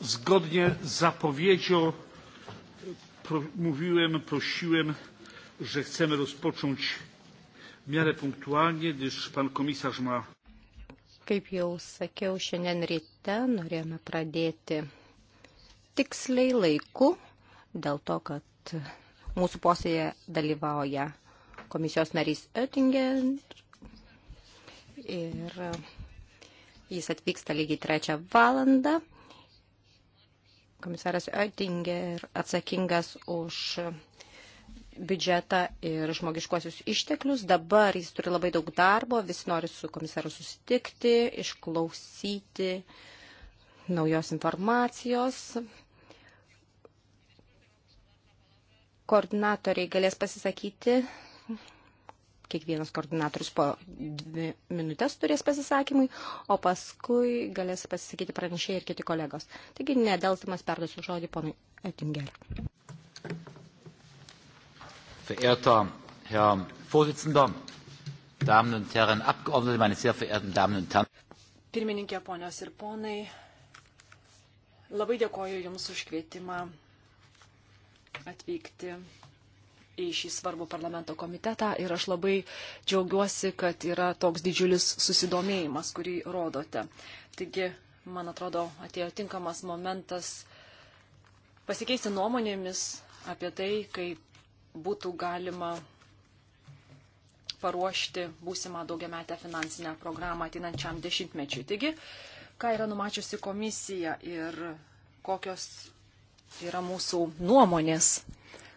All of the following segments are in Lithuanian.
Zgodnie z zapowiedzią mówiłem, prosiłem, że chcemy rozpocząć w miarę punktualnie, gdyż pan komisarz ma. Kaip jau sakiau, šiandien ryte norėjome pradėti tiksliai laiku, dėl to, kad mūsų posėje dalyvauja komisijos narys Oettingen ir jis atvyksta lygiai trečią valandą komisaras Oettinger atsakingas už biudžetą ir žmogiškuosius išteklius. Dabar jis turi labai daug darbo, vis nori su komisaru susitikti, išklausyti naujos informacijos. Koordinatoriai galės pasisakyti Kiekvienas koordinatorius po dvi minutės turės pasisakymui, o paskui galės pasisakyti pranešėjai ir kiti kolegos. Taigi, nedeltimas perduosiu žodį ponui Ettinger. Verehrter Herr Vorsitzender, Damen und Herren Abgeordnete, meine sehr verehrten Damen und Herren. Pirmininkė, ponios ir ponai, labai dėkoju Jums už kvietimą atvykti į šį svarbų parlamento komitetą ir aš labai džiaugiuosi, kad yra toks didžiulis susidomėjimas, kurį rodote. Taigi, man atrodo, atėjo tinkamas momentas pasikeisti nuomonėmis apie tai, kaip būtų galima paruošti būsimą daugiametę finansinę programą atinančiam dešimtmečiui. Taigi, ką yra numačiusi komisija ir kokios yra mūsų nuomonės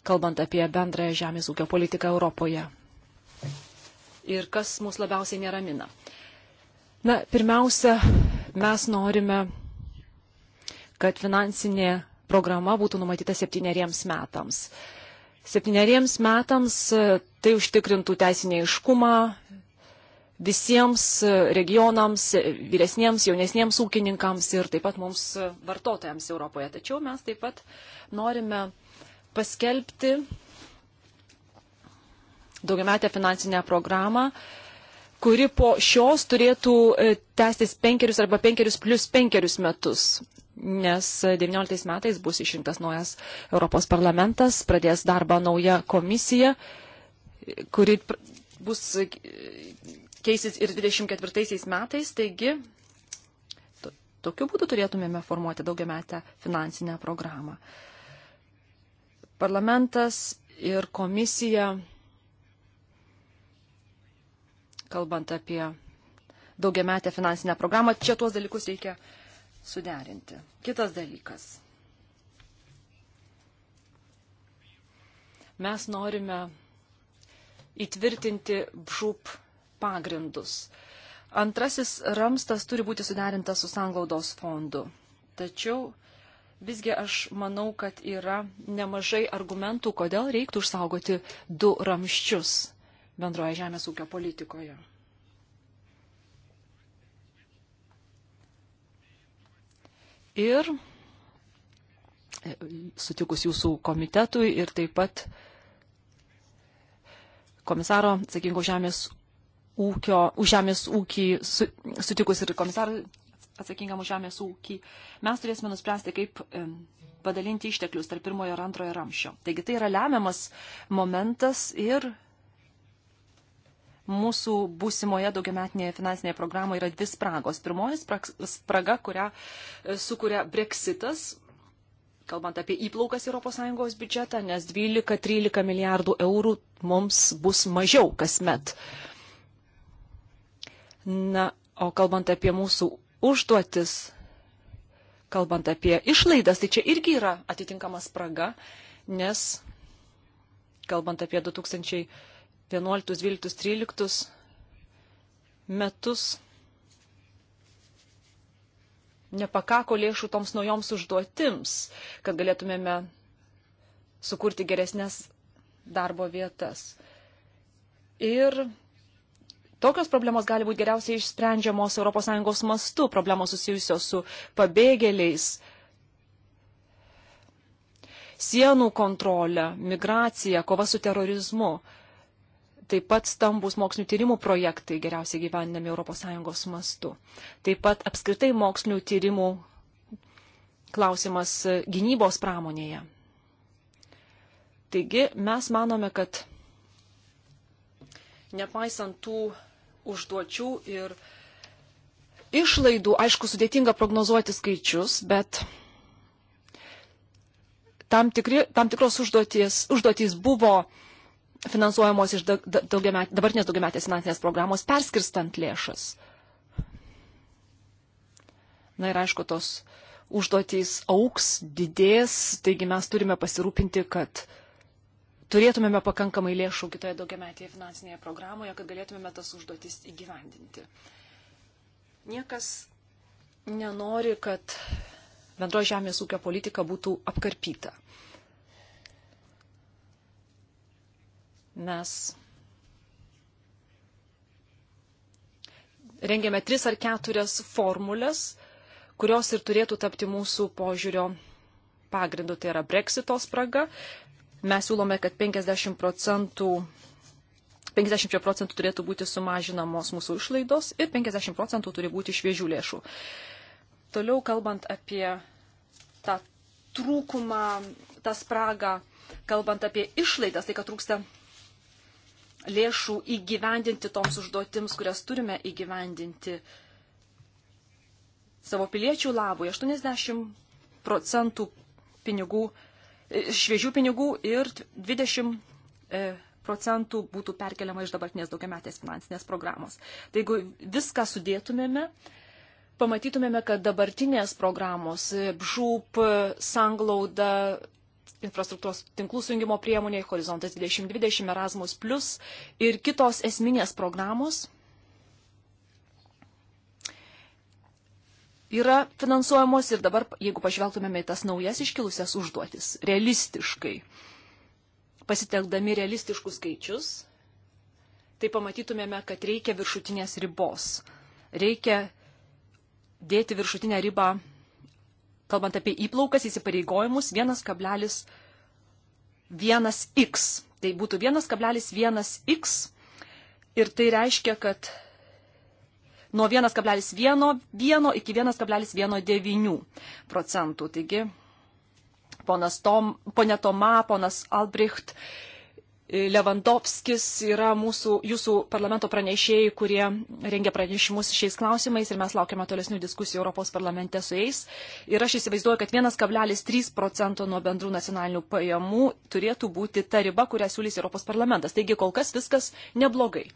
kalbant apie bendrąją žemės ūkio politiką Europoje. Ir kas mus labiausiai neramina. Na, pirmiausia, mes norime, kad finansinė programa būtų numatyta septyneriems metams. Septyneriems metams e, tai užtikrintų teisinį iškumą, visiems e, regionams, e, vyresniems, jaunesniems ūkininkams ir taip pat mums vartotojams Europoje. Tačiau mes taip pat norime paskelbti daugiametę finansinę programą, kuri po šios turėtų e, tęstis penkerius arba penkerius plus penkerius metus. Nes 19 metais bus išrinktas naujas Europos parlamentas, pradės darbą nauja komisija, kuri bus e, keisis ir 24 metais. Taigi, tokiu būdu turėtumėme formuoti daugiametę finansinę programą. Parlamentas ir komisija, kalbant apie daugiametę finansinę programą, čia tuos dalykus reikia suderinti. Kitas dalykas. Mes norime įtvirtinti bžūp pagrindus. Antrasis ramstas turi būti suderintas su sanglaudos fondu. Tačiau Visgi aš manau, kad yra nemažai argumentų, kodėl reiktų išsaugoti du ramščius bendroje žemės ūkio politikoje. Ir sutikus jūsų komitetui ir taip pat komisaro atsakingo žemės ūkio, už žemės ūkį su, sutikus ir komisarą atsakingam už žemės ūkį, mes turėsime nuspręsti, kaip padalinti išteklius tarp pirmojo ir antrojo ramščio. Taigi tai yra lemiamas momentas ir mūsų būsimoje daugiametinėje finansinėje programoje yra dvi spragos. Pirmoji spraga, kurią e, sukuria Brexitas, kalbant apie įplaukas ES biudžetą, nes 12-13 milijardų eurų mums bus mažiau kasmet. Na, o kalbant apie mūsų užduotis, kalbant apie išlaidas, tai čia irgi yra atitinkama spraga, nes kalbant apie 2011, 2012, 2013 metus nepakako lėšų toms naujoms užduotims, kad galėtumėme sukurti geresnės darbo vietas. Ir Tokios problemos gali būti geriausiai išsprendžiamos ES mastu, problemos susijusios su pabėgėliais, sienų kontrolė, migracija, kova su terorizmu. Taip pat stambus mokslinių tyrimų projektai geriausiai gyvendami ES mastu. Taip pat apskritai mokslinių tyrimų klausimas gynybos pramonėje. Taigi mes manome, kad nepaisant tų užduočių ir išlaidų. Aišku, sudėtinga prognozuoti skaičius, bet tam, tikri, tam tikros užduotys, užduotys buvo finansuojamos iš daugiamet, dabartinės daugiametės finansinės programos, perskirstant lėšas. Na ir aišku, tos užduotys auks, didės, taigi mes turime pasirūpinti, kad uh, turėtumėme pakankamai lėšų kitoje daugiametėje finansinėje programoje, kad galėtumėme tas užduotis įgyvendinti. Niekas nenori, kad bendro žemės ūkio politika būtų apkarpyta. Mes rengėme tris ar keturias formulės, kurios ir turėtų tapti mūsų požiūrio pagrindu. Tai yra breksito spraga, Mes siūlome, kad 50 procentų 50 procentų turėtų būti sumažinamos mūsų išlaidos ir 50 procentų turi būti šviežių lėšų. Toliau kalbant apie tą trūkumą, tą spragą, kalbant apie išlaidas, tai kad trūksta lėšų įgyvendinti toms užduotims, kurias turime įgyvendinti savo piliečių labui. 80 procentų pinigų šviežių pinigų ir 20 e, procentų būtų perkeliama iš dabartinės daugiametės finansinės programos. Tai jeigu viską sudėtumėme, pamatytumėme, kad dabartinės programos, e, žūp, e, sanglauda, infrastruktūros tinklų sujungimo priemonė, horizontas 2020, Erasmus, ir kitos esminės programos yra finansuojamos ir dabar, jeigu pažvelgtumėme į tas naujas iškilusias užduotis, realistiškai, pasitelkdami realistiškus skaičius, tai pamatytumėme, kad reikia viršutinės ribos. Reikia dėti viršutinę ribą, kalbant apie įplaukas, įsipareigojimus, 1,1x. Tai būtų 1,1x ir tai reiškia, kad nuo 1,1 iki 1,19 procentų. Taigi, ponas Tom, ponė Toma, ponas Albrecht, e, Levandovskis yra mūsų, jūsų parlamento pranešėjai, kurie rengia pranešimus šiais klausimais ir mes laukiame tolesnių diskusijų Europos parlamente su jais. Ir aš įsivaizduoju, kad 1,3 procento nuo bendrų nacionalinių pajamų turėtų būti ta riba, kurią siūlys Europos parlamentas. Taigi kol kas viskas neblogai.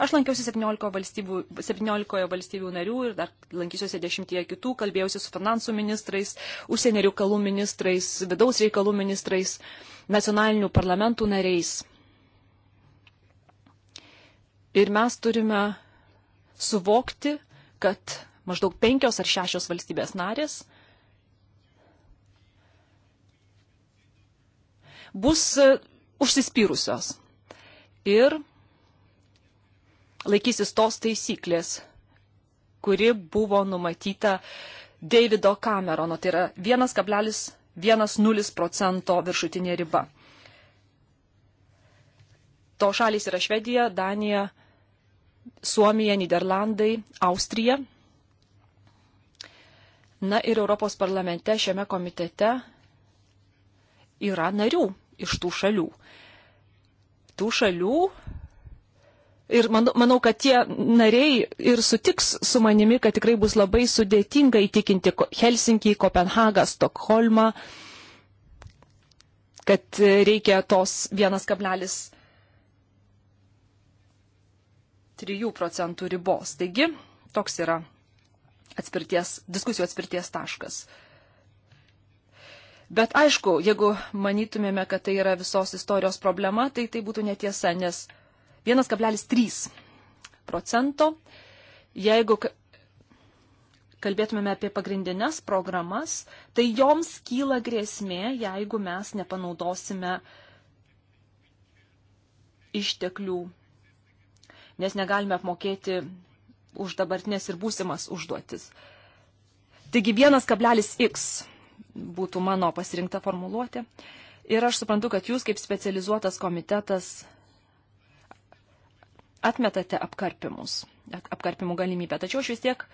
Aš lankiausi 17 valstybių, 17 valstybių narių ir dar lankysiuosi 10 kitų, kalbėjausi su finansų ministrais, užsienio reikalų ministrais, vidaus reikalų ministrais, nacionalinių parlamentų nariais. Ir mes turime suvokti, kad maždaug penkios ar šešios valstybės narės bus e, užsispyrusios. Ir laikysis tos taisyklės, kuri buvo numatyta Davido Camerono, tai yra 1,10 procento viršutinė riba. To šalys yra Švedija, Danija, Suomija, Niderlandai, Austrija. Na ir Europos parlamente šiame komitete yra narių iš tų šalių. Tų šalių Ir manau, manau, kad tie nariai ir sutiks su manimi, kad tikrai bus labai sudėtinga įtikinti Helsinkį, Kopenhagą, Stokholmą, kad e, reikia tos 1,3 procentų ribos. Taigi, toks yra atspirties, diskusijų atspirties taškas. Bet aišku, jeigu manytumėme, kad tai yra visos istorijos problema, tai tai būtų netiesa, nes 1,3 procento. Jeigu kalbėtumėme apie pagrindinės programas, tai joms kyla grėsmė, jeigu mes nepanaudosime išteklių, nes negalime apmokėti už dabartinės ir būsimas užduotis. Taigi vienas kablelis X būtų mano pasirinkta formuluotė. Ir aš suprantu, kad jūs kaip specializuotas komitetas atmetate apkarpimus, apkarpimų galimybę. Tačiau aš vis tiek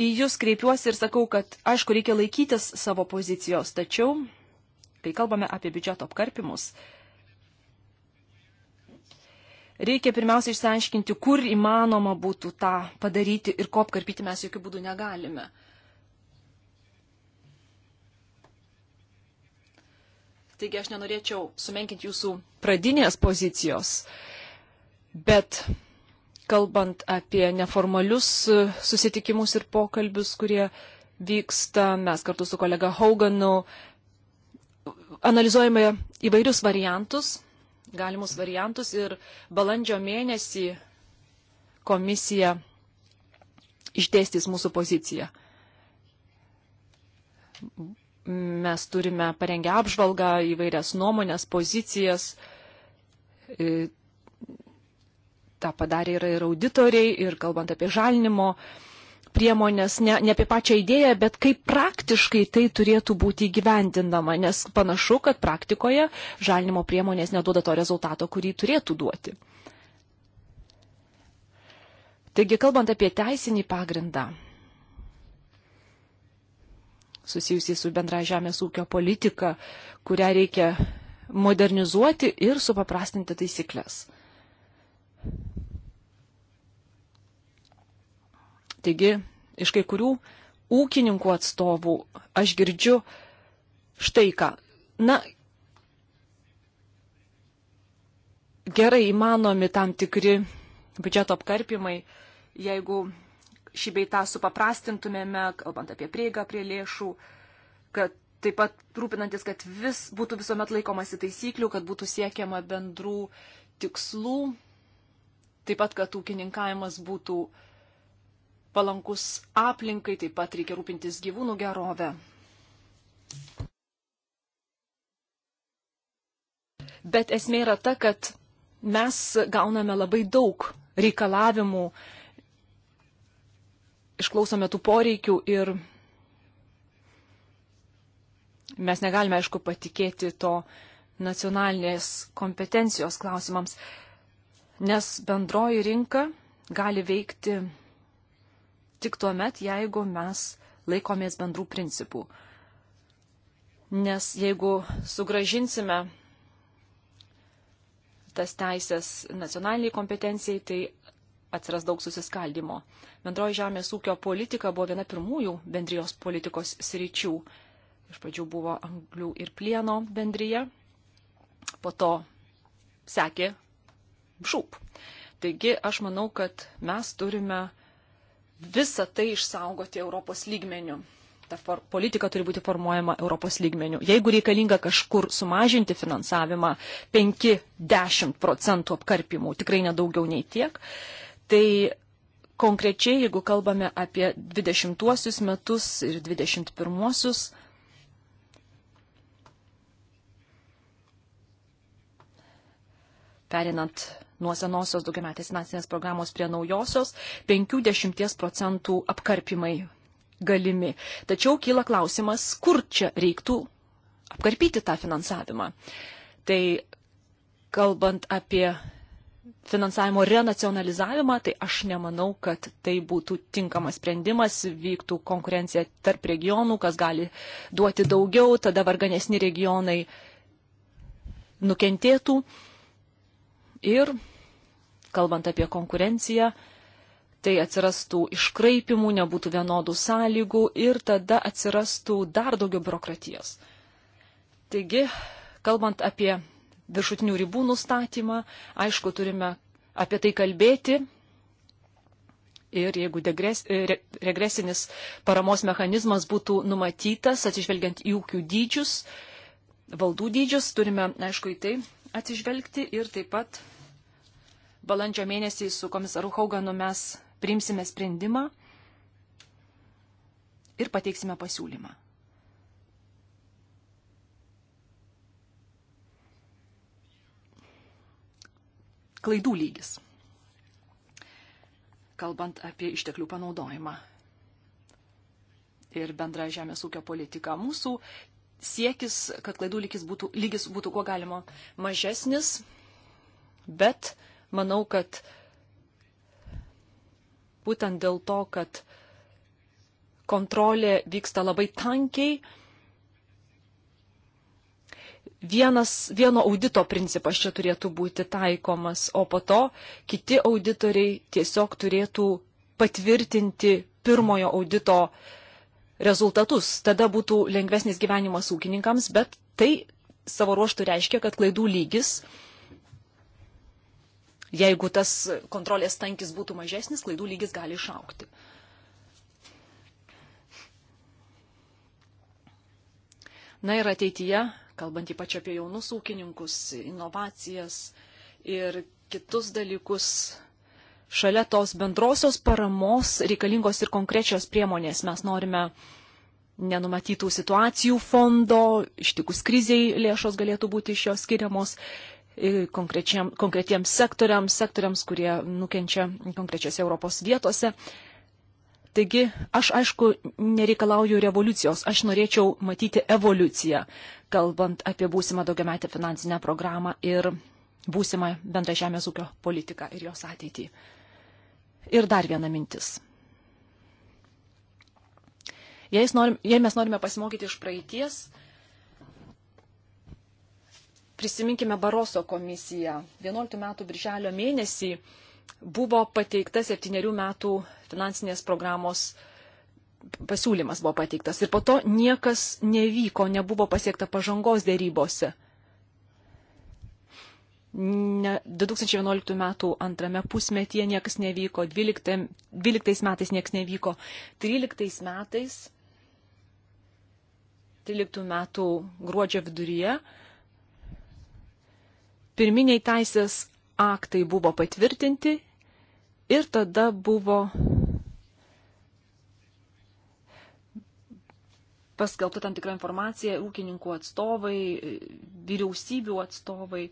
į jūs kreipiuosi ir sakau, kad aišku, reikia laikytis savo pozicijos, tačiau, kai kalbame apie biudžeto apkarpimus, reikia pirmiausia išsiaiškinti, kur įmanoma būtų tą padaryti ir ko apkarpyti mes jokių būdų negalime. Taigi aš nenorėčiau sumenkinti jūsų pradinės pozicijos. Uh, Bet kalbant apie neformalius susitikimus ir pokalbius, kurie vyksta, mes kartu su kolega Hauganu analizuojame įvairius variantus, galimus variantus ir balandžio mėnesį komisija išdėstys mūsų poziciją. Mes turime parengę apžvalgą įvairias nuomonės, pozicijas, tą padarė yra ir auditoriai, ir kalbant apie žalinimo priemonės, ne, ne apie pačią idėją, bet kaip praktiškai tai turėtų būti įgyvendinama, nes panašu, kad praktikoje žalinimo priemonės neduoda to rezultato, kurį turėtų duoti. Taigi, kalbant apie teisinį pagrindą susijusį su bendra žemės ūkio politika, kurią reikia modernizuoti ir supaprastinti taisyklės. Taigi, iš kai kurių ūkininkų atstovų aš girdžiu štai ką. Na, gerai įmanomi tam tikri biudžeto apkarpimai, jeigu šį beitą supaprastintumėme, kalbant apie prieigą prie lėšų, kad taip pat rūpinantis, kad vis būtų visuomet laikomasi taisyklių, kad būtų siekiama bendrų tikslų, Taip pat, kad ūkininkavimas būtų palankus aplinkai, taip pat reikia rūpintis gyvūnų gerovę. Bet esmė yra ta, kad mes gauname labai daug reikalavimų, išklausome tų poreikių ir mes negalime, aišku, patikėti to nacionalinės kompetencijos klausimams. Nes bendroji rinka gali veikti tik tuo met, jeigu mes laikomės bendrų principų. Nes jeigu sugražinsime tas teisės nacionaliniai kompetencijai, tai atsiras daug susiskaldimo. Bendroji žemės ūkio politika buvo viena pirmųjų bendrijos politikos sričių. Iš pradžių buvo anglių ir plieno bendryje, po to sekė šūp. Taigi aš manau, kad mes turime visą tai išsaugoti Europos lygmenių. Ta for, politika turi būti formuojama Europos lygmenių. Jeigu reikalinga kažkur sumažinti finansavimą 5-10 procentų apkarpimų, tikrai nedaugiau nei tiek, tai konkrečiai, jeigu kalbame apie 20 metus ir 21-uosius, perinant nuo senosios daugiametės finansinės programos prie naujosios 50 procentų apkarpimai galimi. Tačiau kyla klausimas, kur čia reiktų apkarpyti tą finansavimą. Tai kalbant apie finansavimo renacionalizavimą, tai aš nemanau, kad tai būtų tinkamas sprendimas, vyktų konkurencija tarp regionų, kas gali duoti daugiau, tada varganesni regionai nukentėtų ir kalbant apie konkurenciją, tai atsirastų iškraipimų, nebūtų vienodų sąlygų ir tada atsirastų dar daugiau biurokratijos. Taigi, kalbant apie viršutinių ribų nustatymą, aišku, turime apie tai kalbėti. Ir jeigu degres, e, regresinis paramos mechanizmas būtų numatytas, atsižvelgiant į ūkių dydžius, valdų dydžius, turime, aišku, į tai atsižvelgti ir taip pat balandžio mėnesį su komisaru Hauganu mes priimsime sprendimą ir pateiksime pasiūlymą. Klaidų lygis. Kalbant apie išteklių panaudojimą ir bendrą žemės ūkio politiką, mūsų siekis, kad klaidų lygis būtų, lygis būtų kuo galima mažesnis, bet uh, manau, kad būtent dėl to, kad kontrolė vyksta labai tankiai, vienas, vieno audito principas čia turėtų būti taikomas, o po to kiti auditoriai tiesiog turėtų patvirtinti pirmojo audito rezultatus. Tada būtų lengvesnis gyvenimas ūkininkams, bet tai savo ruoštų reiškia, kad klaidų lygis Jeigu tas kontrolės tankis būtų mažesnis, klaidų lygis gali išaukti. Na ir ateityje, kalbant ypač apie jaunus ūkininkus, inovacijas ir kitus dalykus, šalia tos bendrosios paramos reikalingos ir konkrečios priemonės. Mes norime nenumatytų situacijų fondo, ištikus kriziai lėšos galėtų būti iš jos skiriamos konkretiems sektoriams, sektoriams, kurie nukenčia konkrečiose Europos vietose. Taigi, aš aišku, nereikalauju revoliucijos, aš norėčiau matyti evoliuciją, kalbant apie būsimą daugiametę finansinę programą ir būsimą bendrą žemės ūkio politiką ir jos ateitį. Ir dar viena mintis. Jei, norim, jei mes norime pasimokyti iš praeities, Prisiminkime Baroso komisiją. 11 metų birželio mėnesį buvo pateikta septyniarių metų finansinės programos pasiūlymas buvo pateiktas. Ir po to niekas nevyko, nebuvo pasiekta pažangos dėrybose. Ne, 2011 metų antrame pusmetyje niekas nevyko, 12, 12 metais niekas nevyko, 13 metais, 13 metų gruodžio viduryje pirminiai teisės aktai buvo patvirtinti ir tada buvo paskelbta tam tikra informacija, ūkininkų atstovai, vyriausybių atstovai.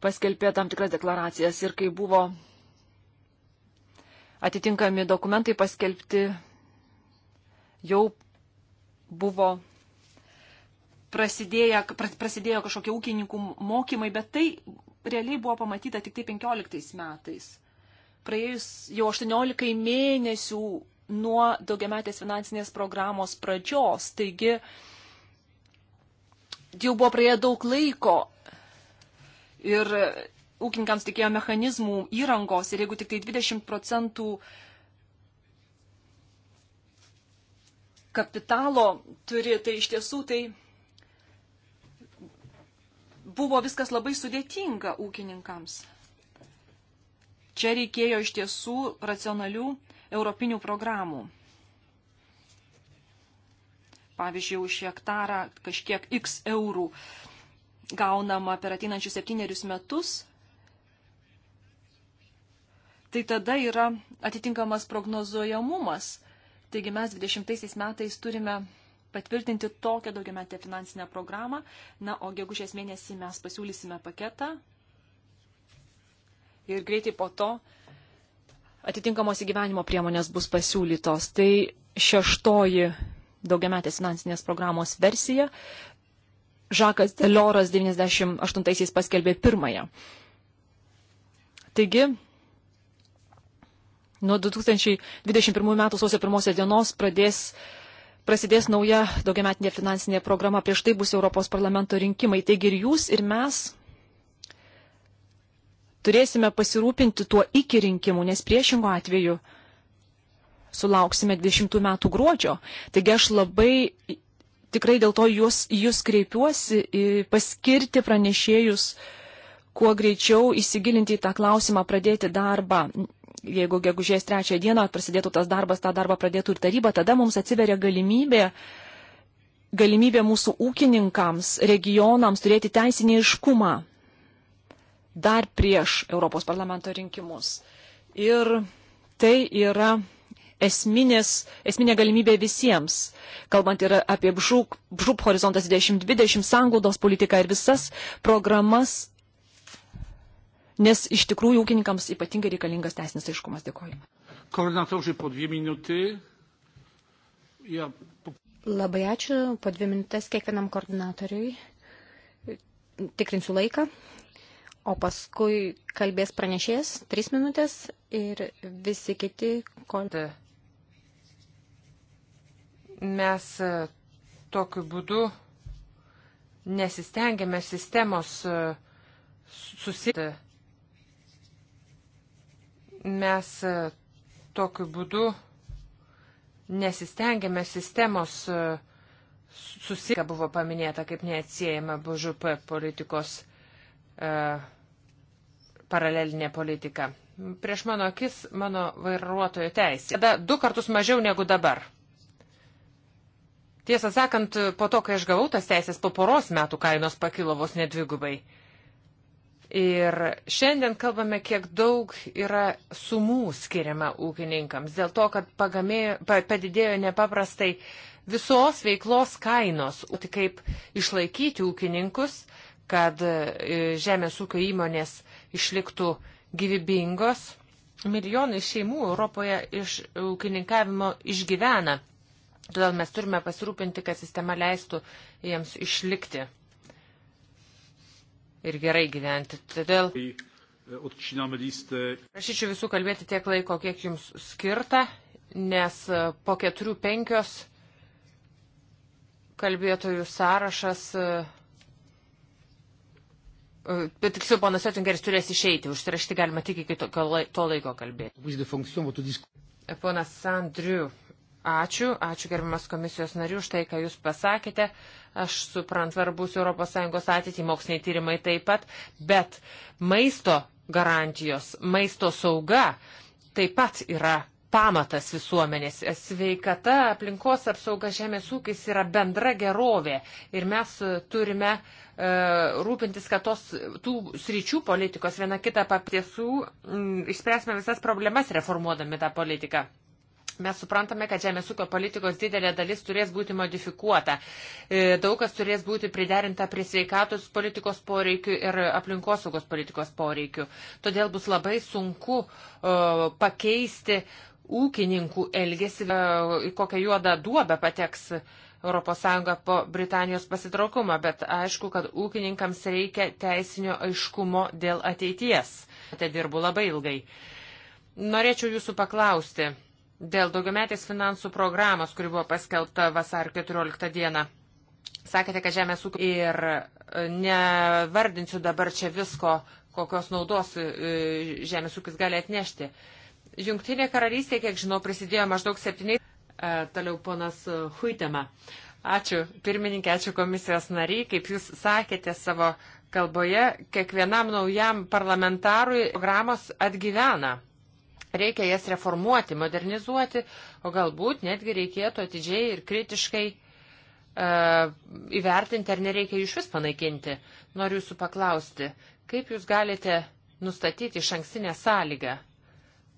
Paskelbė tam tikras deklaracijas ir kai buvo atitinkami dokumentai paskelbti, jau buvo prasidėjo, prasidėjo kažkokie ūkininkų mokymai, bet tai realiai buvo pamatyta tik tai 15 metais. Praėjus jau 18 mėnesių nuo daugiametės finansinės programos pradžios. Taigi jau buvo praėję daug laiko ir ūkininkams tikėjo mechanizmų įrangos ir jeigu tik tai 20 procentų kapitalo turi, tai iš tiesų tai buvo viskas labai sudėtinga ūkininkams. Čia reikėjo iš tiesų racionalių europinių programų. Pavyzdžiui, už hektarą kažkiek x eurų gaunama per ateinančius septynerius metus, tai tada yra atitinkamas prognozuojamumas. Taigi mes 20 metais turime patvirtinti tokią daugiametę finansinę programą. Na, o gegužės mėnesį mes pasiūlysime paketą ir greitai po to atitinkamos įgyvenimo priemonės bus pasiūlytos. Tai šeštoji daugiametės finansinės programos versija. Žakas Delioras 98-aisiais paskelbė pirmąją. Taigi, nuo 2021 m. sausio 1 dienos pradės uh, prasidės nauja daugiametinė finansinė programa, prieš tai bus Europos parlamento rinkimai. Taigi ir jūs, ir mes turėsime pasirūpinti tuo iki rinkimų, nes priešingo atveju sulauksime 20 metų gruodžio. Taigi aš labai tikrai dėl to jūs, jūs kreipiuosi paskirti pranešėjus kuo greičiau įsigilinti į tą klausimą, pradėti darbą, jeigu gegužės trečią dieną prasidėtų tas darbas, tą darbą pradėtų ir taryba, tada mums atsiveria galimybė, galimybė mūsų ūkininkams, regionams turėti teisinį iškumą dar prieš Europos parlamento rinkimus. Ir tai yra esminės, esminė galimybė visiems, kalbant ir apie BŽUP, BŽUP horizontas 2020, sanglaudos politiką ir visas programas nes iš tikrųjų ūkininkams ypatingai reikalingas teisinis aiškumas. Dėkoju. Koordinatoriai po dvi minutį. Ja, po... Labai ačiū. Po dvi minutės kiekvienam koordinatoriui. Tikrinsiu laiką. O paskui kalbės pranešėjas trys minutės ir visi kiti koordinatoriai. Mes e, tokiu būdu nesistengiame sistemos e, susityti Mes e, tokiu būdu nesistengiame sistemos e, susika buvo paminėta kaip neatsiejama BŽP politikos e, paralelinė politika. Prieš mano akis mano vairuotojo teisė. Tada du kartus mažiau negu dabar. Tiesą sakant, po to, kai aš gavau tas teisės, po poros metų kainos pakilo vos nedvigubai. dvigubai. Ir šiandien kalbame, kiek daug yra sumų skiriama ūkininkams, dėl to, kad pagamėjo, padidėjo nepaprastai visos veiklos kainos, tai kaip išlaikyti ūkininkus, kad e, žemės ūkio įmonės išliktų gyvybingos. Milijonai šeimų Europoje iš ūkininkavimo išgyvena. Todėl mes turime pasirūpinti, kad sistema leistų jiems išlikti ir gerai gyventi. Todėl e, prašyčiau visų kalbėti tiek laiko, kiek jums skirta, nes e, po keturių penkios kalbėtojų sąrašas. E, bet tiksliau, ponas Jotingeris turės išeiti, užsirašyti galima tik iki to, to laiko kalbėti. Ponas Sandriu. Ačiū, ačiū gerbiamas komisijos narių už tai, ką Jūs pasakėte. Aš suprantu, ar bus ES ateitį, moksliniai tyrimai taip pat, bet maisto garantijos, maisto sauga taip pat yra pamatas visuomenės. Sveikata, aplinkos apsauga, žemės ūkis yra bendra gerovė ir mes turime e, rūpintis, kad tos tų sričių politikos viena kitą paptiesų m, išspręsime visas problemas reformuodami tą politiką. Mes suprantame, kad žemės ūkio politikos didelė dalis turės būti modifikuota. E, daug kas turės būti priderinta prie sveikatos politikos poreikių ir aplinkosaugos politikos poreikių. Todėl bus labai sunku uh, pakeisti ūkininkų elgesį, uh, į kokią juodą duobę pateks ES po Britanijos pasitraukumo, bet aišku, kad ūkininkams reikia teisinio aiškumo dėl ateities. Tai dirbu labai ilgai. Norėčiau jūsų paklausti dėl daugiametės finansų programos, kuri buvo paskelbta vasario 14 dieną. Sakėte, kad žemės ūkio ir e, nevardinsiu dabar čia visko, kokios naudos e, žemės ūkis gali atnešti. Jungtinė karalystė, kiek žinau, prisidėjo maždaug septyniai. E, toliau ponas Huitema. Ačiū pirmininkė, ačiū komisijos nariai. Kaip jūs sakėte savo kalboje, kiekvienam naujam parlamentarui programos atgyvena Reikia jas reformuoti, modernizuoti, o galbūt netgi reikėtų atidžiai ir kritiškai uh, įvertinti, ar nereikia iš vis panaikinti. Noriu jūsų paklausti, kaip jūs galite nustatyti iš ankstinę sąlygą,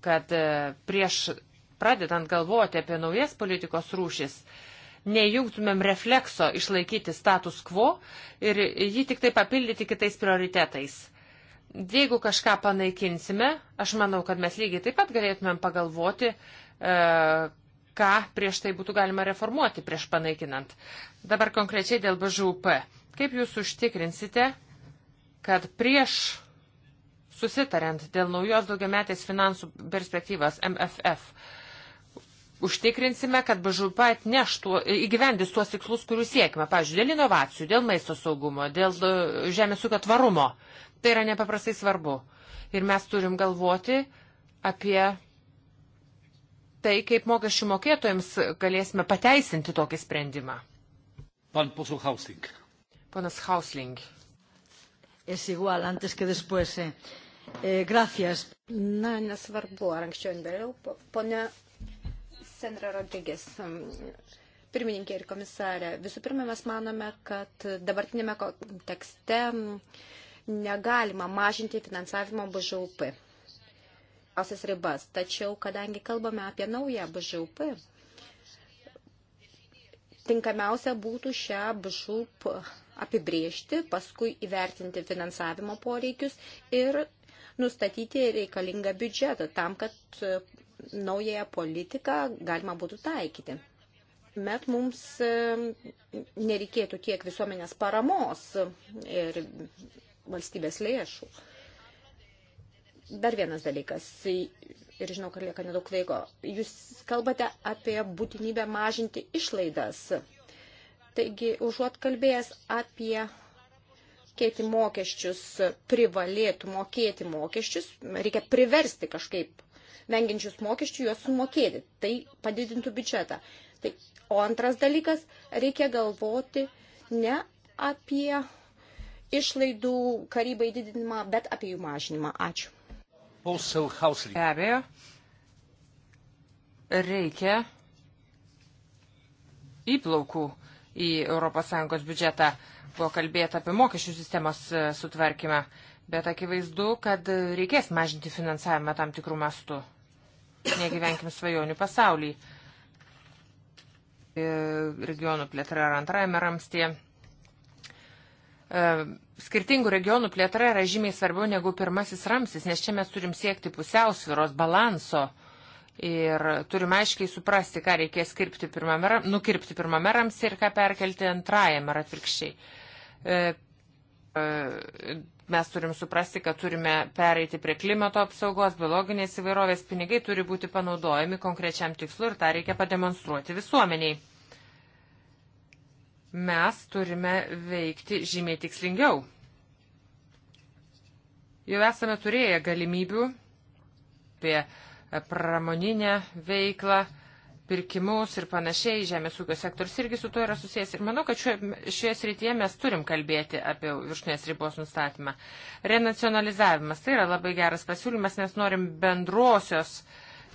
kad uh, prieš pradedant galvoti apie naujas politikos rūšis, neįjungtumėm reflekso išlaikyti status quo ir jį tik tai papildyti kitais prioritetais. Uh, Jeigu kažką panaikinsime, aš manau, kad mes lygiai taip pat galėtumėm pagalvoti, e, ką prieš tai būtų galima reformuoti prieš panaikinant. Dabar konkrečiai dėl BŽUP. Kaip jūs užtikrinsite, kad prieš susitariant dėl naujos daugiametės finansų perspektyvas MFF, užtikrinsime, kad BŽUP atneš tuo, įgyvendys tuos tikslus, kurių siekime, pavyzdžiui, dėl inovacijų, dėl maisto saugumo, dėl e, žemės ūkio tvarumo. Tai yra nepaprastai svarbu. Ir mes turim galvoti apie tai, kaip mokesčių mokėtojams galėsime pateisinti tokį sprendimą. Pan posų Hausling. Ponas Hausling. Es igual, antes que después. Eh. Eh, gracias. Na, nesvarbu, ar anksčiau, ar vėliau. Pone Sandra Rodrygės, mm, pirmininkė ir komisarė, visų pirma, mes manome, kad dabartinėme kontekste. Eh, negalima mažinti finansavimo BŽUP geriausias ribas. Tačiau, kadangi kalbame apie naują BŽUP, tinkamiausia būtų šią BŽUP apibriežti, paskui įvertinti finansavimo poreikius ir nustatyti reikalingą biudžetą tam, kad e, naująją politiką galima būtų taikyti. Met mums e, nereikėtų tiek visuomenės paramos ir valstybės lėšų. Dar vienas dalykas, ir žinau, kad lieka nedaug laiko, jūs kalbate apie būtinybę mažinti išlaidas. Taigi, užuot kalbėjęs apie mokėti mokesčius, privalėtų mokėti mokesčius, reikia priversti kažkaip vengiančius mokesčių juos sumokėti, tai padidintų biudžetą. Tai, o antras dalykas, reikia galvoti ne apie išlaidų karybai didinimą, bet apie jų mažinimą. Ačiū. Be abejo, reikia įplaukų į ES biudžetą. Buvo kalbėta apie mokesčių sistemos e, sutvarkymą, bet akivaizdu, kad reikės mažinti finansavimą tam tikrų mastų. Negyvenkim svajonių pasaulį. E, regionų plėtra ar antrajame ramstie E, skirtingų regionų plėtra yra žymiai svarbiau negu pirmasis ramsis, nes čia mes turim siekti pusiausviros, balanso ir turim aiškiai suprasti, ką reikės pirmame, nukirpti pirmame ramsi ir ką perkelti antrajame ar atvirkščiai. E, e, mes turim suprasti, kad turime pereiti prie klimato apsaugos, biologinės įvairovės, pinigai turi būti panaudojami konkrečiam tikslu ir tą reikia pademonstruoti visuomeniai mes turime veikti žymiai tikslingiau. Jau esame turėję galimybių apie pramoninę veiklą, pirkimus ir panašiai, žemės ūkio sektorius irgi su to yra susijęs. Ir manau, kad šioje, šioje srityje mes turim kalbėti apie viršnės ribos nustatymą. Renacionalizavimas tai yra labai geras pasiūlymas, nes norim bendrosios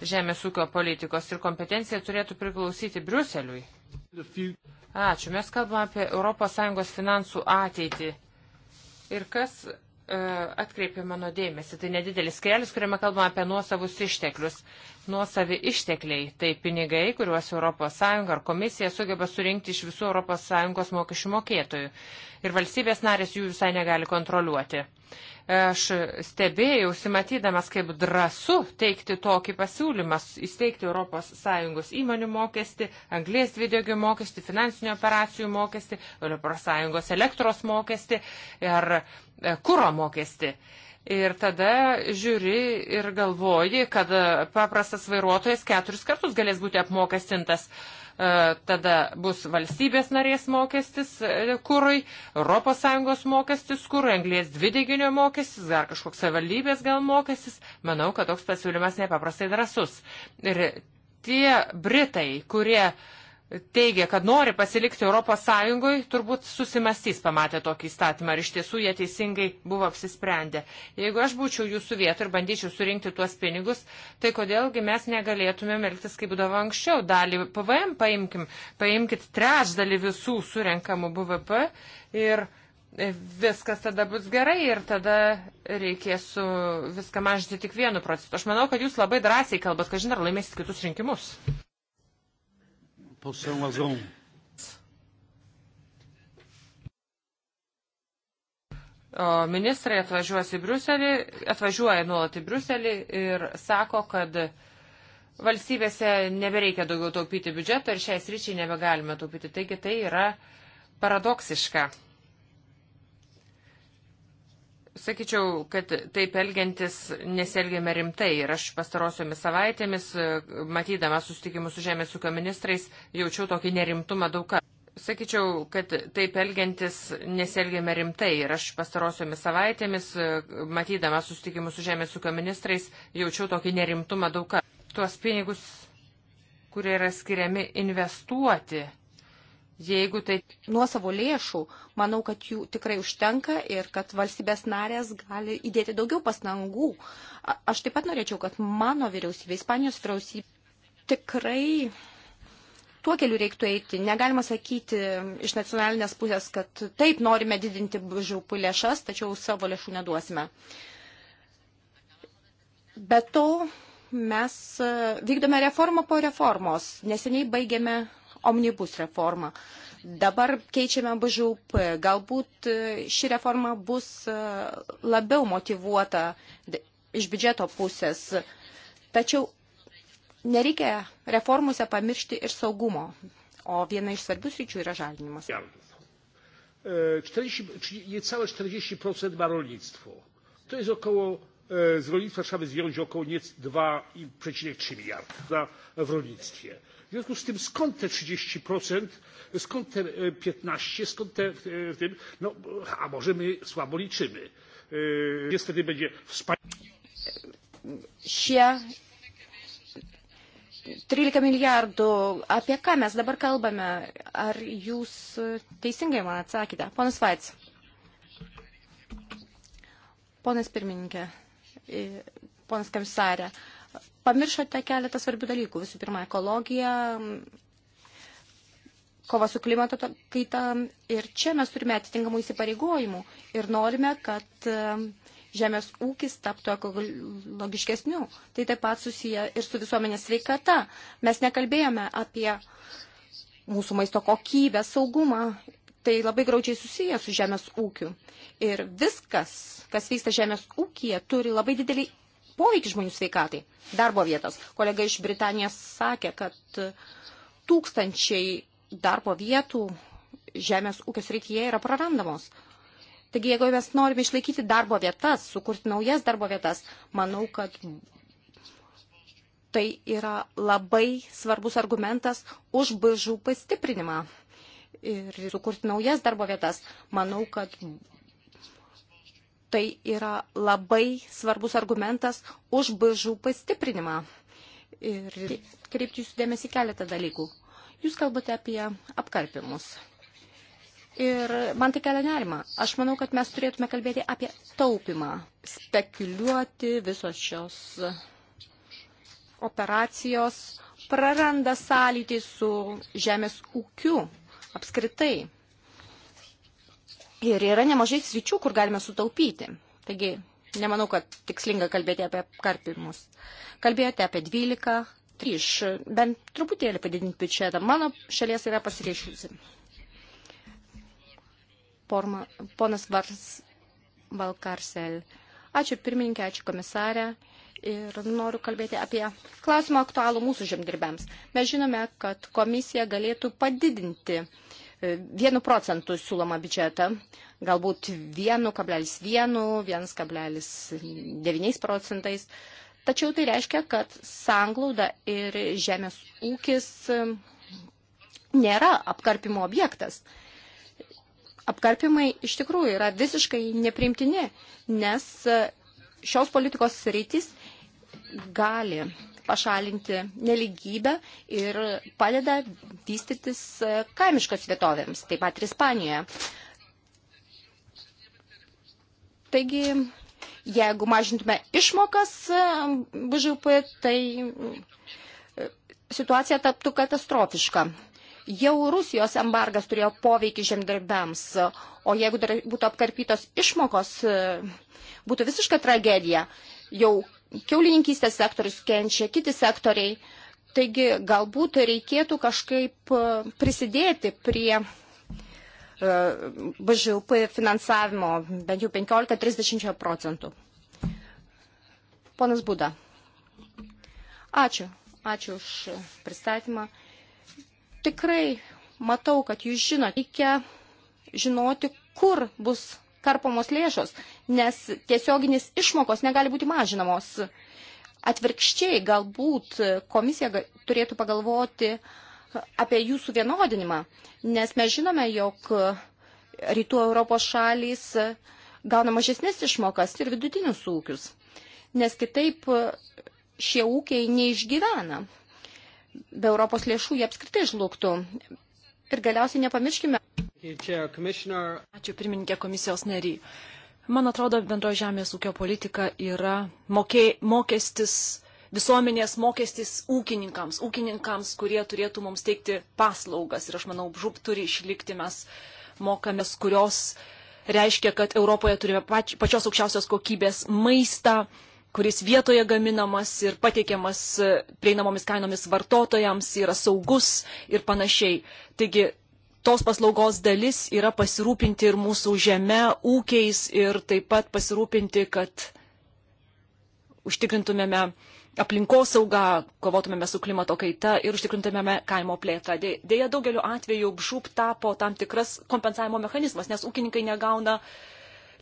žemės ūkio politikos ir kompetencija turėtų priklausyti Briuseliui. Ačiū. Mes kalbame apie ES finansų ateitį. Ir kas e, atkreipė mano dėmesį, tai nedidelis kelis, kuriame kalbame apie nuosavus išteklius nuosavi ištekliai, tai pinigai, kuriuos ES ar komisija sugeba surinkti iš visų ES mokesčių mokėtojų. Ir valstybės narės jų visai negali kontroliuoti. Aš stebėjausi, matydamas, kaip drąsu teikti tokį pasiūlymą, įsteigti ES įmonių mokestį, anglės dvidegių mokestį, finansinių operacijų mokestį, ES elektros mokestį ir e, kūro mokestį. Ir tada žiūri ir galvoji, kad e, paprastas vairuotojas keturis kartus galės būti apmokestintas. E, tada bus valstybės narės mokestis e, kūrui, ES mokestis kūrui, anglės dvideginio mokestis, dar kažkoks savivaldybės gal mokestis. Manau, kad toks pasiūlymas nepaprastai drasus. Ir tie Britai, kurie uh, teigia, kad nori pasilikti Europos Sąjungoj, turbūt susimastys pamatę tokį įstatymą, ar iš tiesų jie teisingai buvo apsisprendę. Jeigu aš būčiau jūsų vietų ir bandyčiau surinkti tuos pinigus, tai kodėlgi mes negalėtumėm elgtis kaip būdavo anksčiau. Dalį PVM paimkim, paimkit trečdalį visų surenkamų BVP ir viskas tada bus gerai ir tada reikės viską mažinti tik vienu procentu. Aš manau, kad jūs labai drąsiai kalbat, kad žinai, ar laimėsit kitus rinkimus. Poseł Mazon. O ministrai atvažiuos į Briuselį, atvažiuoja nuolat į Briuselį ir sako, kad valstybėse nebereikia daugiau taupyti biudžeto ir šiais ryčiai nebegalime taupyti. Taigi tai yra paradoksiška. Sakyčiau, kad taip elgiantis nesielgėme rimtai ir aš pastarosiomis savaitėmis, e, matydamas susitikimus su žemės ūkio ministrais, jaučiau tokį nerimtumą daug ką. Sakyčiau, kad taip elgiantis nesielgėme rimtai ir aš pastarosiomis savaitėmis, e, matydamas susitikimus su žemės ūkio ministrais, jaučiau tokį nerimtumą daug ką. Tuos pinigus, kurie yra skiriami investuoti Jeigu tai nuo savo lėšų, manau, kad jų tikrai užtenka ir kad valstybės narės gali įdėti daugiau pastangų. Aš taip pat norėčiau, kad mano vyriausybė, Ispanijos vyriausybė tikrai tuo keliu reiktų eiti. Negalima sakyti iš nacionalinės pusės, kad taip norime didinti žaupų lėšas, tačiau savo lėšų neduosime. Be to, mes vykdome reformą po reformos. Neseniai baigėme omnibus reformą. Dabar keičiame BŽUP. Galbūt e, ši reforma bus e, labiau motivuota iš biudžeto pusės. Tačiau nereikia reformuose pamiršti ir saugumo. O viena iš svarbių sričių yra žalinimas. Ja. 40, e, niecałe 40% ma rolnictwo. To jest około, z rolnictwa trzeba by zdjąć około 2,3 miliarda w rolnictwie w związku z tym skąd te trzydzieści skąd te e, piętnaście skąd te w e, tym no a może my słabo liczymy niestety e, będzie Šie 13 milijardų, apie ką mes dabar kalbame? Ar jūs teisingai man atsakėte? Ponas Vaits. Ponas pirmininkė, ponas komisarė, pamiršote keletą svarbių dalykų. Visų pirma, ekologija, kova su klimato kaita. Ir čia mes turime atitinkamų įsipareigojimų ir norime, kad e, žemės ūkis taptų ekologiškesniu. Tai taip pat susiję ir su visuomenės sveikata. Mes nekalbėjome apie mūsų maisto kokybę, saugumą. Tai labai graudžiai susiję su žemės ūkiu. Ir viskas, kas vyksta žemės ūkija, turi labai didelį poveikį žmonių sveikatai, darbo vietos. Kolega iš Britanijos sakė, kad tūkstančiai darbo vietų žemės ūkio srityje yra prarandamos. Taigi, jeigu mes norime išlaikyti darbo vietas, sukurti naujas darbo vietas, manau, kad tai yra labai svarbus argumentas už BŽUP stiprinimą ir sukurti naujas darbo vietas. Manau, kad tai yra labai svarbus argumentas už BŽUP stiprinimą. Ir kreipti jūsų dėmesį keletą dalykų. Jūs kalbate apie apkarpimus. Ir man tai kelia nerima. Aš manau, kad mes turėtume kalbėti apie taupimą, spekuliuoti visos šios operacijos praranda sąlytį su žemės ūkiu apskritai. Ir yra nemažai sričių, kur galime sutaupyti. Taigi, nemanau, kad tikslinga kalbėti apie karpimus. Kalbėjote apie 12, 3, bent truputėlį padidinti biudžetą. Mano šalies yra pasireišusi. Porma, ponas Vars Valkarsel. Ačiū pirmininkė, ačiū komisarė. Ir noriu kalbėti apie klausimą aktualų mūsų žemdirbėms. Mes žinome, kad komisija galėtų padidinti uh, 1 e, procentų siūloma biudžetą, galbūt 1,1, 1,9 procentais. Tačiau tai reiškia, kad sanglauda ir žemės ūkis e, nėra apkarpimo objektas. Apkarpimai iš tikrųjų yra visiškai neprimtini, nes e, šios politikos sritis gali pašalinti neligybę ir padeda vystytis e, kaimiškas vietovėms, taip pat ir Ispanijoje. Taigi, jeigu mažintume išmokas e, BŽP, tai e, situacija taptų katastrofiška. Jau Rusijos embargas turėjo poveikį žemdirbiams, o jeigu dar būtų apkarpytos išmokos, būtų visiška tragedija. Jau kiaulininkystės sektorius kenčia, kiti sektoriai. Taigi galbūt reikėtų kažkaip e, prisidėti prie e, BŽUP finansavimo bent jau 15-30 procentų. Ponas Būda. Ačiū. Ačiū už pristatymą. Tikrai matau, kad jūs žinote, reikia žinoti, kur bus karpomos lėšos, nes tiesioginis išmokos negali būti mažinamos. Atvirkščiai galbūt komisija turėtų pagalvoti apie jūsų vienodinimą, nes mes žinome, jog rytų Europos šalys gauna mažesnės išmokas ir vidutinius ūkius, nes kitaip šie ūkiai neišgyvena. Be Europos lėšų jie apskritai žlugtų. Ir galiausiai nepamirškime, Ačiū pirmininkė komisijos nariai. Man atrodo, bendro žemės ūkio politika yra mokė, mokestis, visuomenės mokestis ūkininkams, ūkininkams, kurie turėtų mums teikti paslaugas. Ir aš manau, žūp turi išlikti mes mokamės, kurios reiškia, kad Europoje turime pač, pačios aukščiausios kokybės maistą kuris vietoje gaminamas ir pateikiamas e, prieinamomis kainomis vartotojams, yra saugus ir panašiai. Taigi tos paslaugos dalis yra pasirūpinti ir mūsų žeme, ūkiais ir taip pat pasirūpinti, kad užtikrintumėme aplinkosaugą, kovotumėme su klimato kaita ir užtikrintumėme kaimo plėtrą. Deja, daugeliu atveju žūp tapo tam tikras kompensavimo mechanizmas, nes ūkininkai negauna,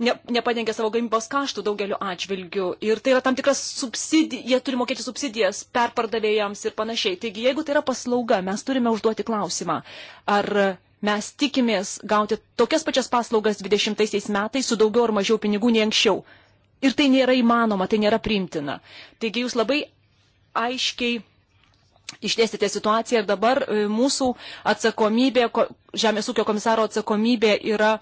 ne, nepadengia savo gamybos kaštų daugeliu atžvilgių. Ir tai yra tam tikras subsidija, jie turi mokėti subsidijas perpardavėjams ir panašiai. Taigi, jeigu tai yra paslauga, mes turime užduoti klausimą, ar Mes tikimės gauti tokias pačias paslaugas 20 metais su daugiau ar mažiau pinigų nei anksčiau. Ir tai nėra įmanoma, tai nėra priimtina. Taigi jūs labai aiškiai išdėstėte situaciją ir dabar e, mūsų atsakomybė, Žemės ūkio komisaro atsakomybė yra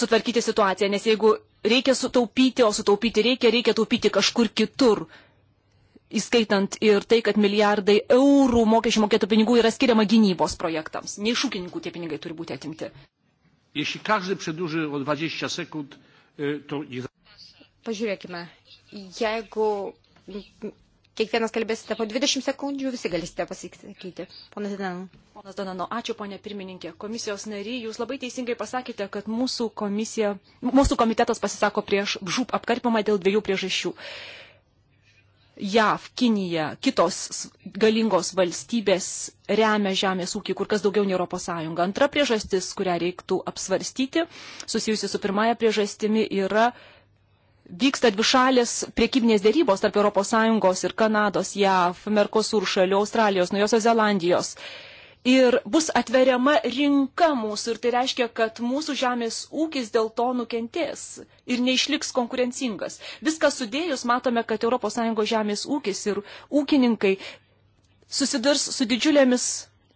sutvarkyti situaciją, nes jeigu reikia sutaupyti, o sutaupyti reikia, reikia taupyti kažkur kitur įskaitant ir tai, kad milijardai eurų mokesčių mokėtų pinigų yra skiriama gynybos projektams. Ne iš ūkininkų tie pinigai turi būti atimti. Pažiūrėkime, jeigu kiekvienas kalbėsite po 20 sekundžių, visi galėsite pasakyti. Ponas Danano. Ponas Danano, ačiū ponė pirmininkė. Komisijos nariai, jūs labai teisingai pasakėte, kad mūsų, komisija, mūsų komitetas pasisako prieš žūp apkarpimą dėl dviejų priežasčių. JAV, Kinija, kitos galingos valstybės remia žemės ūkį kur kas daugiau nei Europos Sąjunga. Antra priežastis, kurią reiktų apsvarstyti, susijusi su pirmąją priežastimi, yra vyksta dvišalės priekybinės dėrybos tarp ES ir Kanados, JAV, Merkosur šalių, Australijos, Naujosios Zelandijos ir bus atveriama rinka mūsų ir tai reiškia, kad mūsų žemės ūkis dėl to nukentės ir neišliks konkurencingas. Viskas sudėjus matome, kad ES žemės ūkis ir ūkininkai susidurs su didžiulėmis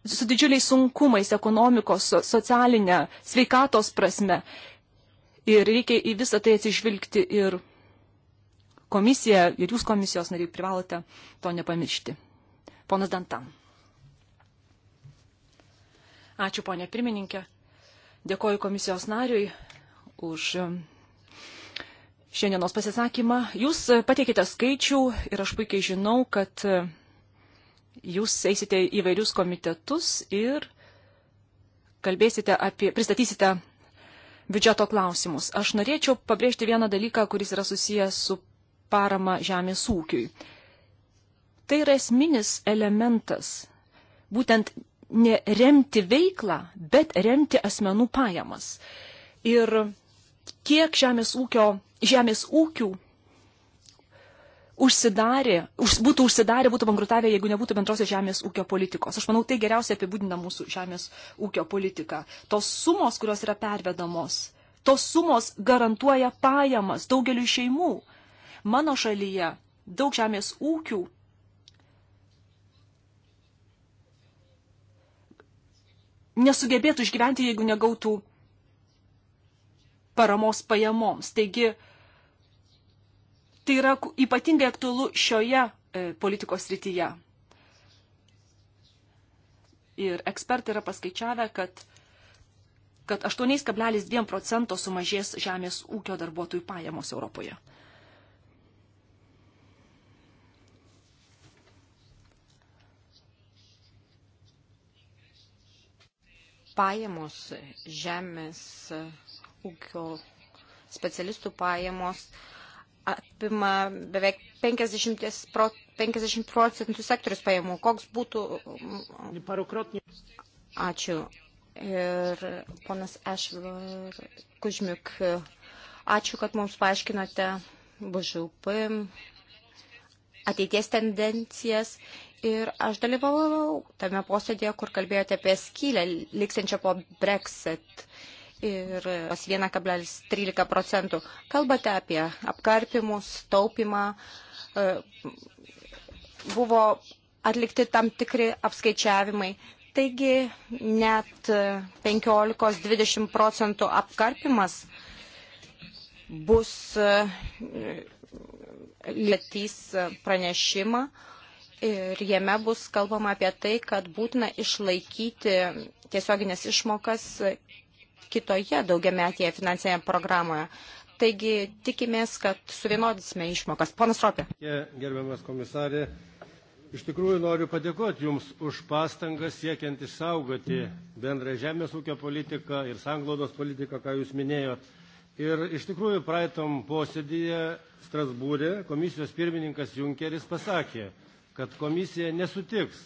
su didžiuliais sunkumais ekonomikos, socialinė, sveikatos prasme. Ir reikia į visą tai atsižvilgti ir komisija, ir jūs komisijos nariai privalote to nepamiršti. Ponas Dantam. Ačiū, ponė pirmininkė. Dėkoju komisijos nariui už um, šiandienos pasisakymą. Jūs uh, pateikite skaičių ir aš puikiai žinau, kad uh, jūs eisite įvairius komitetus ir kalbėsite apie, pristatysite biudžeto klausimus. Aš norėčiau pabrėžti vieną dalyką, kuris yra susijęs su parama žemės ūkiui. Tai yra esminis elementas. Būtent neremti veiklą, bet remti asmenų pajamas. Ir kiek žemės, ūkio, žemės ūkių užsidarė, už, būtų užsidarę, būtų bankrutavę, jeigu nebūtų bendrosios žemės ūkio politikos. Aš manau, tai geriausiai apibūdina mūsų žemės ūkio politiką. Tos sumos, kurios yra pervedamos, tos sumos garantuoja pajamas daugeliu šeimų. Mano šalyje daug žemės ūkių nesugebėtų išgyventi, jeigu negautų paramos pajamoms. Taigi, tai yra ypatingai aktualu šioje e, politikos rytyje. Ir ekspertai yra paskaičiavę, kad, kad 8,2 procento sumažės žemės ūkio darbuotojų pajamos Europoje. pajamos, žemės ūkio specialistų pajamos apima beveik 50, pro, 50 procentų sektorius pajamų. Koks būtų. Ačiū. Ir ponas Ešvar Kužmiuk, ačiū, kad mums paaiškinote BŽUP ateities tendencijas. Ir aš dalyvavau tame posėdėje, kur kalbėjote apie skylę liksančią po Brexit ir 1,13 procentų. Kalbate apie apkarpimus, taupimą. E, buvo atlikti tam tikri apskaičiavimai. Taigi net 15-20 procentų apkarpimas bus e, lietys pranešimą ir jame bus kalbama apie tai, kad būtina išlaikyti tiesioginės išmokas kitoje daugiametėje finansinėje programoje. Taigi tikimės, kad suvienodysime išmokas. Ponas Ropė. Gerbiamas komisarė, iš tikrųjų noriu padėkoti Jums už pastangas siekiant išsaugoti bendrą žemės ūkio politiką ir sanglaudos politiką, ką Jūs minėjote Ir iš tikrųjų praeitam posėdėje Strasbūrė komisijos pirmininkas Junkeris pasakė, kad komisija nesutiks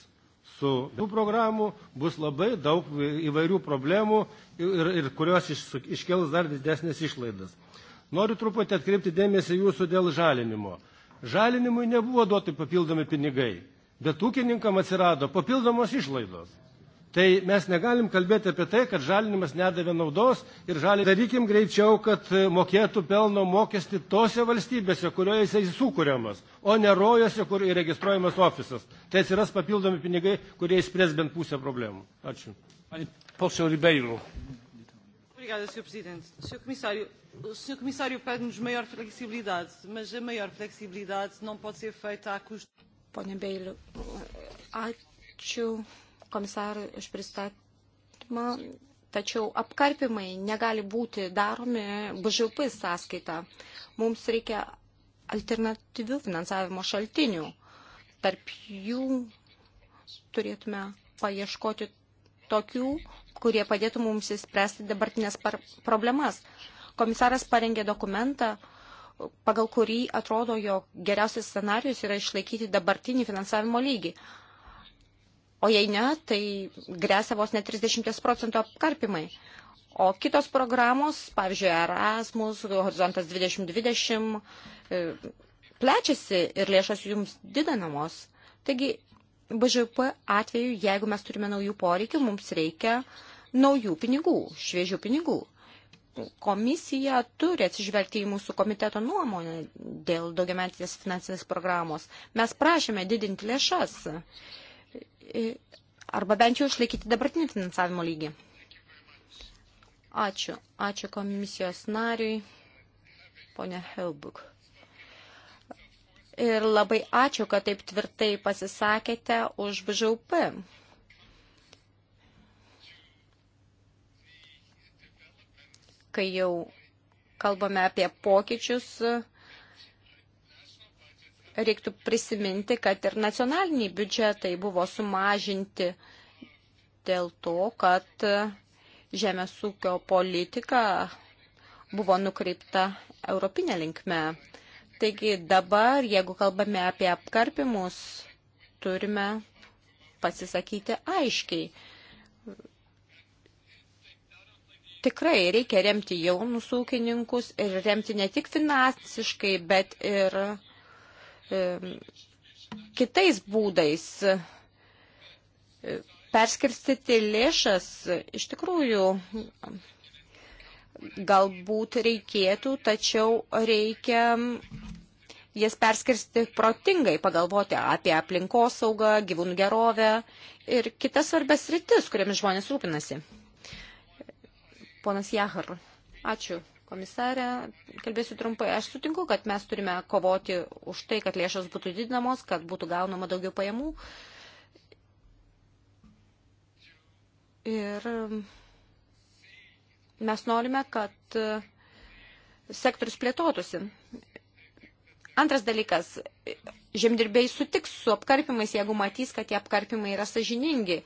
su jų programų, bus labai daug įvairių problemų ir, ir kurios iš, iškels dar didesnės išlaidas. Noriu truputį atkreipti dėmesį jūsų dėl žalinimo. Žalinimui nebuvo duoti papildomi pinigai, bet ūkininkam atsirado papildomos išlaidos. Tai mes negalim kalbėti apie tai, kad žalinimas nedavė naudos ir žalį darykim greičiau, kad e, mokėtų pelno mokestį tose valstybėse, kurioje jisai sukūriamas, o ne rojose, kur įregistruojamas ofisas. Tai atsiras papildomi pinigai, kurie išspręs bent pusę problemų. Ačiū. Poseu Ribeiro. Obrigada, Sr. Presidente. Sr. Comissário, o Sr. Comissário pede-nos maior flexibilidade, mas a maior flexibilidade não pode ser feita à custa. Pone Beilo, ačiū komisarui už pristatymą, tačiau apkarpimai negali būti daromi BŽP sąskaita. Mums reikia alternatyvių finansavimo šaltinių. Tarp jų turėtume paieškoti tokių, kurie padėtų mums įspręsti dabartinės problemas. Komisaras parengė dokumentą, pagal kurį atrodo, jog geriausias scenarius yra išlaikyti dabartinį finansavimo lygį o jei ne, tai grėsia vos net 30 procentų apkarpimai. O kitos programos, pavyzdžiui, Erasmus, Horizontas 2020, e, plečiasi ir lėšos jums didinamos. Taigi, BŽP atveju, jeigu mes turime naujų poreikių, mums reikia naujų pinigų, šviežių pinigų. Komisija turi atsižvelgti į mūsų komiteto nuomonę dėl daugiametės finansinės programos. Mes prašėme didinti lėšas E, arba bent jau išlaikyti dabartinį finansavimo lygį. Ačiū. Ačiū komisijos nariui, ponė Helbuk. Ir labai ačiū, kad taip tvirtai pasisakėte už BŽUP. Kai jau kalbame apie pokyčius, reiktų prisiminti, kad ir nacionaliniai biudžetai buvo sumažinti dėl to, kad žemės ūkio politika buvo nukreipta europinė linkme. Taigi dabar, jeigu kalbame apie apkarpimus, turime pasisakyti aiškiai. Tikrai reikia remti jaunus ūkininkus ir remti ne tik finansiškai, bet ir uh, kitais būdais e, perskirstyti lėšas iš tikrųjų galbūt reikėtų, tačiau reikia jas perskirsti protingai, pagalvoti apie aplinkosaugą, gyvūnų gerovę ir kitas svarbės rytis, kuriamis žmonės rūpinasi. Ponas Jahar, ačiū komisarė, kalbėsiu trumpai. Aš sutinku, kad mes turime kovoti už tai, kad lėšos būtų didinamos, kad būtų gaunama daugiau pajamų. Ir um, mes norime, kad uh, sektorius plėtotųsi. Antras dalykas, žemdirbėjai sutiks su apkarpimais, jeigu matys, kad tie apkarpimai yra sažiningi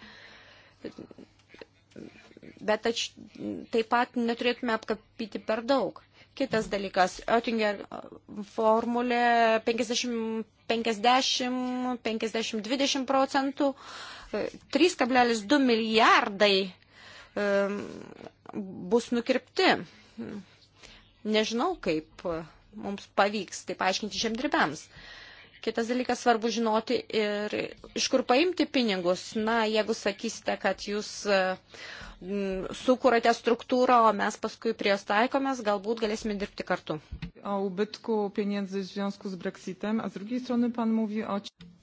bet tač, taip pat neturėtume apkapyti per daug. Kitas dalykas, Oettinger formulė 50-50-50-20 procentų, 3,2 e, milijardai e, bus nukirpti. Nežinau, kaip mums pavyks tai paaiškinti žemdirbiams. Uh, Kitas dalykas svarbu žinoti ir iš kur paimti pinigus. Na, jeigu sakysite, kad jūs e, sukūrate struktūrą, o mes paskui prie jos taikomės, galbūt galėsime dirbti kartu.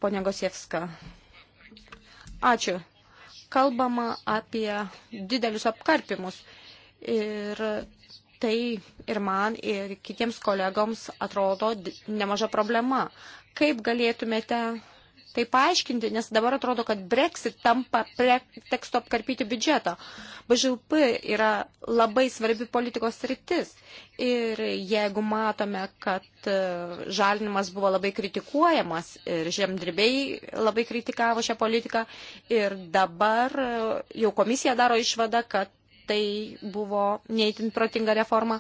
Pone Gosievska. Ačiū. Kalbama apie didelius apkarpimus. Ir tai ir man, ir kitiems kolegoms atrodo nemaža problema. Kaip galėtumėte tai paaiškinti, nes dabar atrodo, kad Brexit tampa teksto apkarpyti biudžetą. BŽP yra labai svarbi politikos rytis ir jeigu matome, kad e, žalinimas buvo labai kritikuojamas ir žemdirbiai labai kritikavo šią politiką ir dabar e, jau komisija daro išvadą, kad tai buvo neįtin protinga reforma.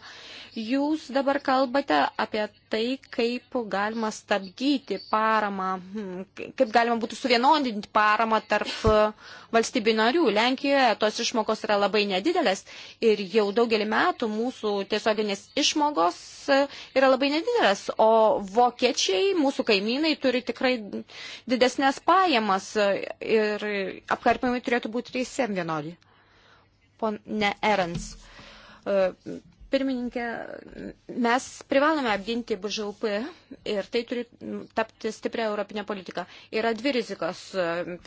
Jūs dabar kalbate apie tai, kaip galima stabdyti paramą, hmm, kaip galima būtų suvienodinti paramą tarp uh, valstybių narių. Lenkijoje tos išmokos yra labai nedidelės ir jau daugelį metų mūsų tiesioginės išmokos uh, yra labai nedidelės, o vokiečiai, mūsų kaimynai, turi tikrai didesnės pajamas uh, ir apkarpimai turėtų būti visiems vienodi. Pone Erans, e, pirmininkė, mes privalome apginti BŽUP ir tai turi tapti stiprią europinę politiką. Yra dvi rizikos.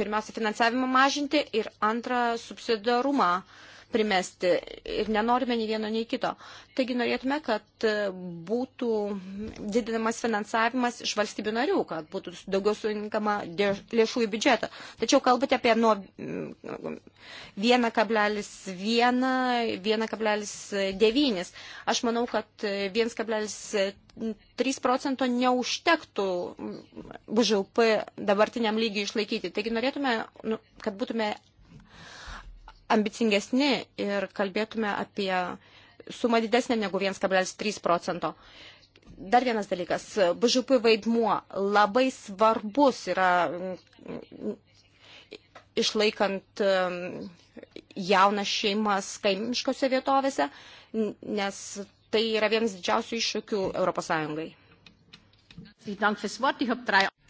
Pirmiausia, finansavimą mažinti ir antra, subsidarumą uh, primesti ir nenorime nei vieno, nei kito. Taigi norėtume, kad būtų didinamas finansavimas iš valstybių narių, kad būtų daugiau surinkama lėšų į biudžetą. Tačiau kalbate apie nuo 1,1-1,9. Mm, Aš manau, kad 1,3 procento neužtektų BŽP dabartiniam lygiui išlaikyti. Taigi norėtume, nu, kad būtume ambicingesni ir kalbėtume apie sumą didesnę negu 1,3 procento. Dar vienas dalykas. BŽP vaidmuo labai svarbus yra mm, išlaikant mm, jaunas šeimas kaimiškose vietovėse, nes tai yra vienas didžiausių iššūkių ES.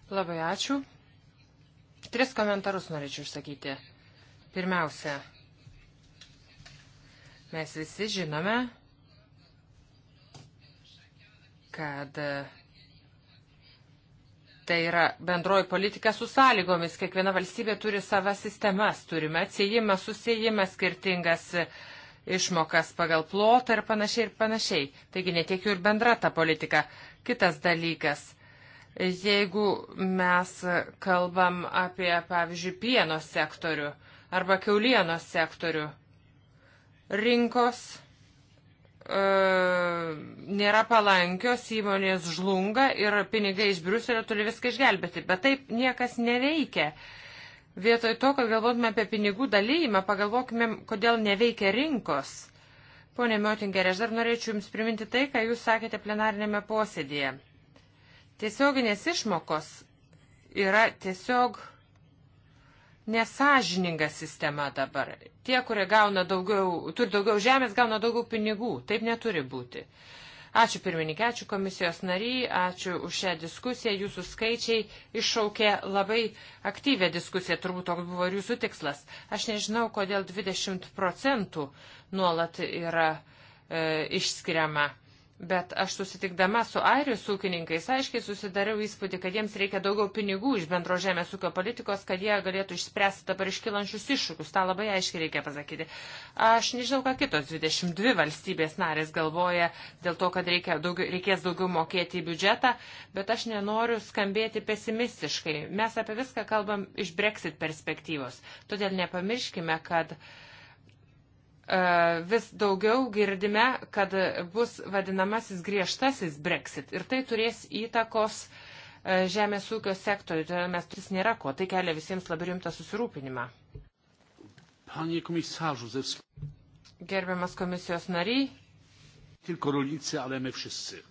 Labai ačiū. Tris komentarus norėčiau išsakyti. Pirmiausia, Mes visi žinome, kad tai yra bendroji politika su sąlygomis. Kiekviena valstybė turi savo sistemas, turime atsijimą, susijimą, skirtingas išmokas pagal plotą ir panašiai ir panašiai. Taigi netiek jau ir bendra ta politika. Kitas dalykas. Jeigu mes kalbam apie, pavyzdžiui, pieno sektorių arba keulienos sektorių, rinkos e, nėra palankios, įmonės žlunga ir pinigai iš Briuselio turi viską išgelbėti. Bet taip niekas neveikia. Vietoj to, kad galvotume apie pinigų dalyjimą, pagalvokime, kodėl neveikia rinkos. Pone Miotingerė, aš dar norėčiau Jums priminti tai, ką Jūs sakėte plenarinėme posėdėje. Tiesioginės išmokos yra tiesiog nesažininga sistema dabar. Tie, kurie gauna daugiau, turi daugiau žemės, gauna daugiau pinigų. Taip neturi būti. Ačiū pirmininkė, ačiū komisijos nariai, ačiū už šią diskusiją. Jūsų skaičiai iššaukė labai aktyvę diskusiją, turbūt toks buvo ir jūsų tikslas. Aš nežinau, kodėl 20 procentų nuolat yra e, išskiriama. Bet aš susitikdama su airijos ūkininkais aiškiai susidariau įspūdį, kad jiems reikia daugiau pinigų iš bendro žemės ūkio politikos, kad jie galėtų išspręsti dabar iškilančius iššūkius. Ta labai aiškiai reikia pasakyti. Aš nežinau, ką kitos 22 valstybės narės galvoja dėl to, kad reikia daugiau, reikės daugiau mokėti į biudžetą, bet aš nenoriu skambėti pesimistiškai. Mes apie viską kalbam iš Brexit perspektyvos. Todėl nepamirškime, kad uh, E, vis daugiau girdime, kad bus vadinamasis griežtasis Brexit ir tai turės įtakos e, žemės ūkio sektoriui, todėl mes turis nėra ko, tai kelia visiems labai rimtą susirūpinimą. Gerbiamas komisijos nariai. Tylko rolnicy, ale my wszyscy.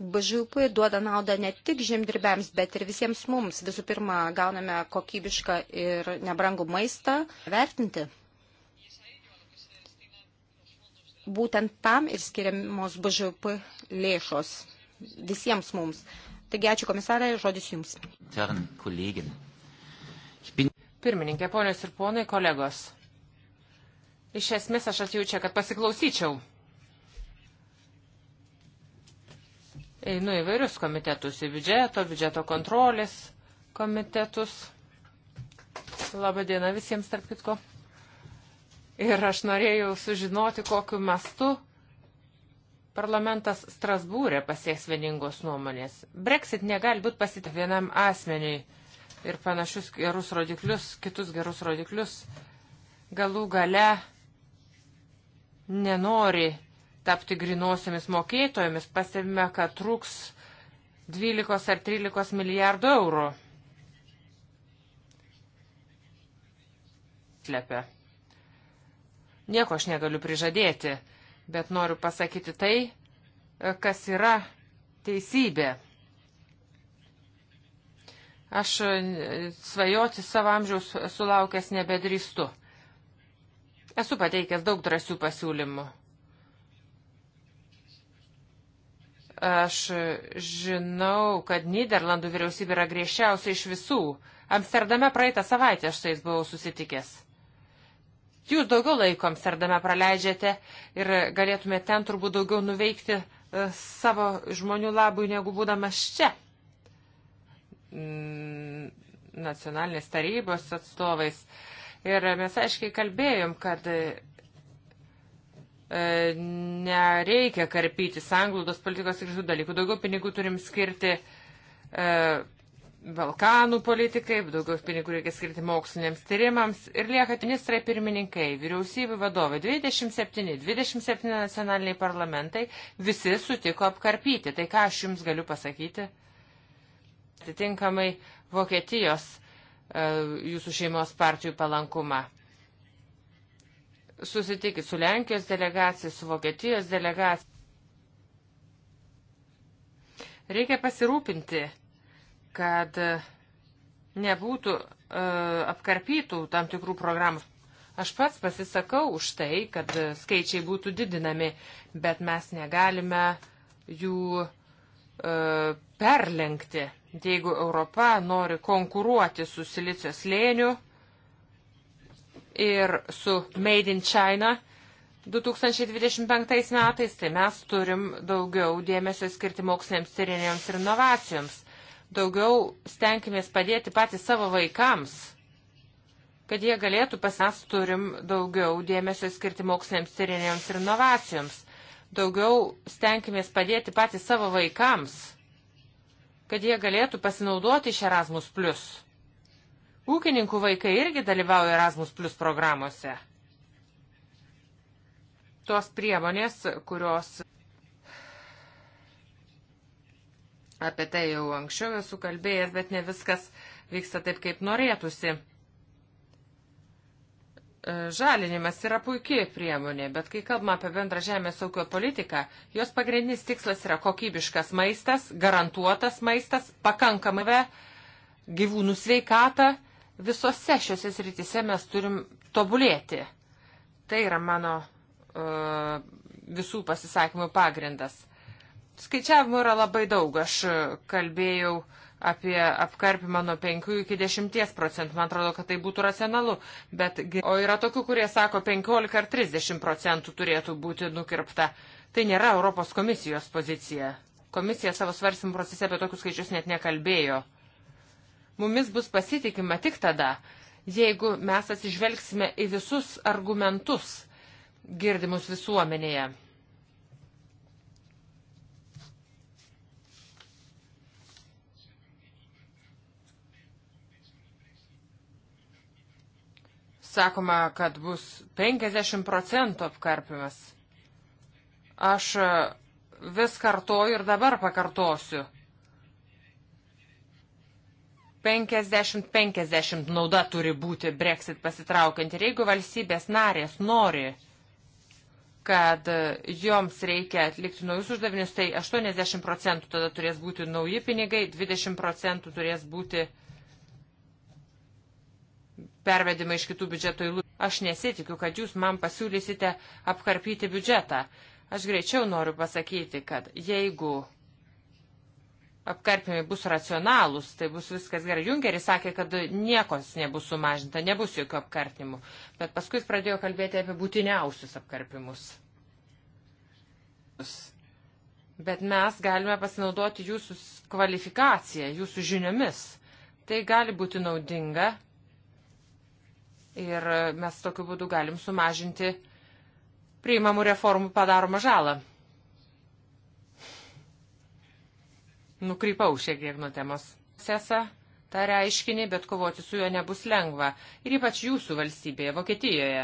BŽUP duoda naudą ne tik žemdirbiams, bet ir visiems mums. Visų pirma, gauname kokybišką ir nebrangų maistą. Vertinti. Būtent tam ir skiriamos BŽUP lėšos visiems mums. Taigi ačiū komisarė, žodis jums. Pirmininkė, ponios ir ponai, kolegos. Iš esmės aš atjaučiu, kad pasiklausyčiau Einu įvairius komitetus, į biudžeto, biudžeto kontrolės komitetus. Labadiena visiems, tarp kitko. Ir aš norėjau sužinoti, kokiu mastu parlamentas Strasbūrė pasieks vieningos nuomonės. Brexit negali būti pasitė vienam asmeniui ir panašius gerus rodiklius, kitus gerus rodiklius galų gale nenori tapti grinosiamis mokėtojomis, pastebime, kad trūks 12 ar 13 milijardų eurų. Slepia. Nieko aš negaliu prižadėti, bet noriu pasakyti tai, kas yra teisybė. Aš svajoti savo amžiaus sulaukęs nebedrįstu. Esu pateikęs daug drąsių pasiūlymų Aš žinau, kad Niderlandų vyriausybė yra griežčiausia iš visų. Amsterdame praeitą savaitę aš su jais buvau susitikęs. Jūs daugiau laiko Amsterdame praleidžiate ir galėtumėte ten turbūt daugiau nuveikti e, savo žmonių labui, negu būdamas čia. Nacionalinės tarybos atstovais. Ir mes aiškiai kalbėjom, kad E, nereikia karpyti sanglaudos politikos ir šių dalykų. Daugiau pinigų turim skirti e, Balkanų politikai, daugiau pinigų reikia skirti moksliniams tyrimams ir lieka ministrai pirmininkai, vyriausybių vadovai, 27, 27 nacionaliniai parlamentai, visi sutiko apkarpyti. Tai ką aš jums galiu pasakyti? Atitinkamai Vokietijos e, jūsų šeimos partijų palankumą susitikit su Lenkijos delegacija, su Vokietijos delegacija. Reikia pasirūpinti, kad e, nebūtų uh, apkarpytų tam tikrų programų. Aš pats pasisakau už tai, kad e, skaičiai būtų didinami, bet mes negalime jų uh, perlenkti. Jeigu Europa nori konkuruoti su Silicijos lėniu, uh, ir su Made in China 2025 metais, tai mes turim daugiau dėmesio skirti moksliniams tyrinėjams ir inovacijoms. Daugiau stenkimės padėti patys savo vaikams, kad jie galėtų pas mes turim daugiau dėmesio skirti moksliniams tyrinėjams ir inovacijoms. Daugiau stenkimės padėti patys savo vaikams, kad jie galėtų pasinaudoti iš Erasmus. Ūkininkų vaikai irgi dalyvauja Erasmus Plus programuose. Tos priemonės, kurios apie tai jau anksčiau esu kalbėjęs, bet ne viskas vyksta taip, kaip norėtųsi. E, žalinimas yra puikiai priemonė, bet kai kalbame apie bendrą žemės ūkio politiką, jos pagrindinis tikslas yra kokybiškas maistas, garantuotas maistas, pakankamai gyvūnų sveikatą Visose šiose srityse mes turim tobulėti. Tai yra mano uh, visų pasisakymų pagrindas. Skaičiavimų yra labai daug. Aš kalbėjau apie apkarpimą nuo 5 iki 10 procentų. Man atrodo, kad tai būtų racionalu. Bet, o yra tokių, kurie sako, 15 ar 30 procentų turėtų būti nukirpta. Tai nėra Europos komisijos pozicija. Komisija savo svarstymų procese apie tokius skaičius net nekalbėjo. Mumis bus pasitikima tik tada, jeigu mes atsižvelgsime į visus argumentus girdimus visuomenėje. sakoma, kad bus 50 procentų apkarpimas. Aš e, vis kartoju ir dabar pakartosiu. 50-50 nauda turi būti Brexit pasitraukiant. Ir jeigu valstybės narės nori, kad e, joms reikia atlikti naujus uždavinius, tai 80 procentų tada turės būti nauji pinigai, 20 procentų turės būti pervedimai iš kitų biudžeto įlūdų. Aš nesitikiu, kad jūs man pasiūlysite apkarpyti biudžetą. Aš greičiau noriu pasakyti, kad jeigu apkarpimai bus racionalūs, tai bus viskas gerai. Junkeris sakė, kad niekos nebus sumažinta, nebus jokių apkarpimų, bet paskui jis pradėjo kalbėti apie būtiniausius apkarpimus. Bet mes galime pasinaudoti jūsų kvalifikaciją, jūsų žiniomis. Tai gali būti naudinga ir mes tokiu būdu galim sumažinti priimamų reformų padaromą žalą. Nukrypau šiek tiek nuo temos. Sesa, tą reiškinį, bet kovoti su juo nebus lengva. Ir ypač jūsų valstybėje, Vokietijoje.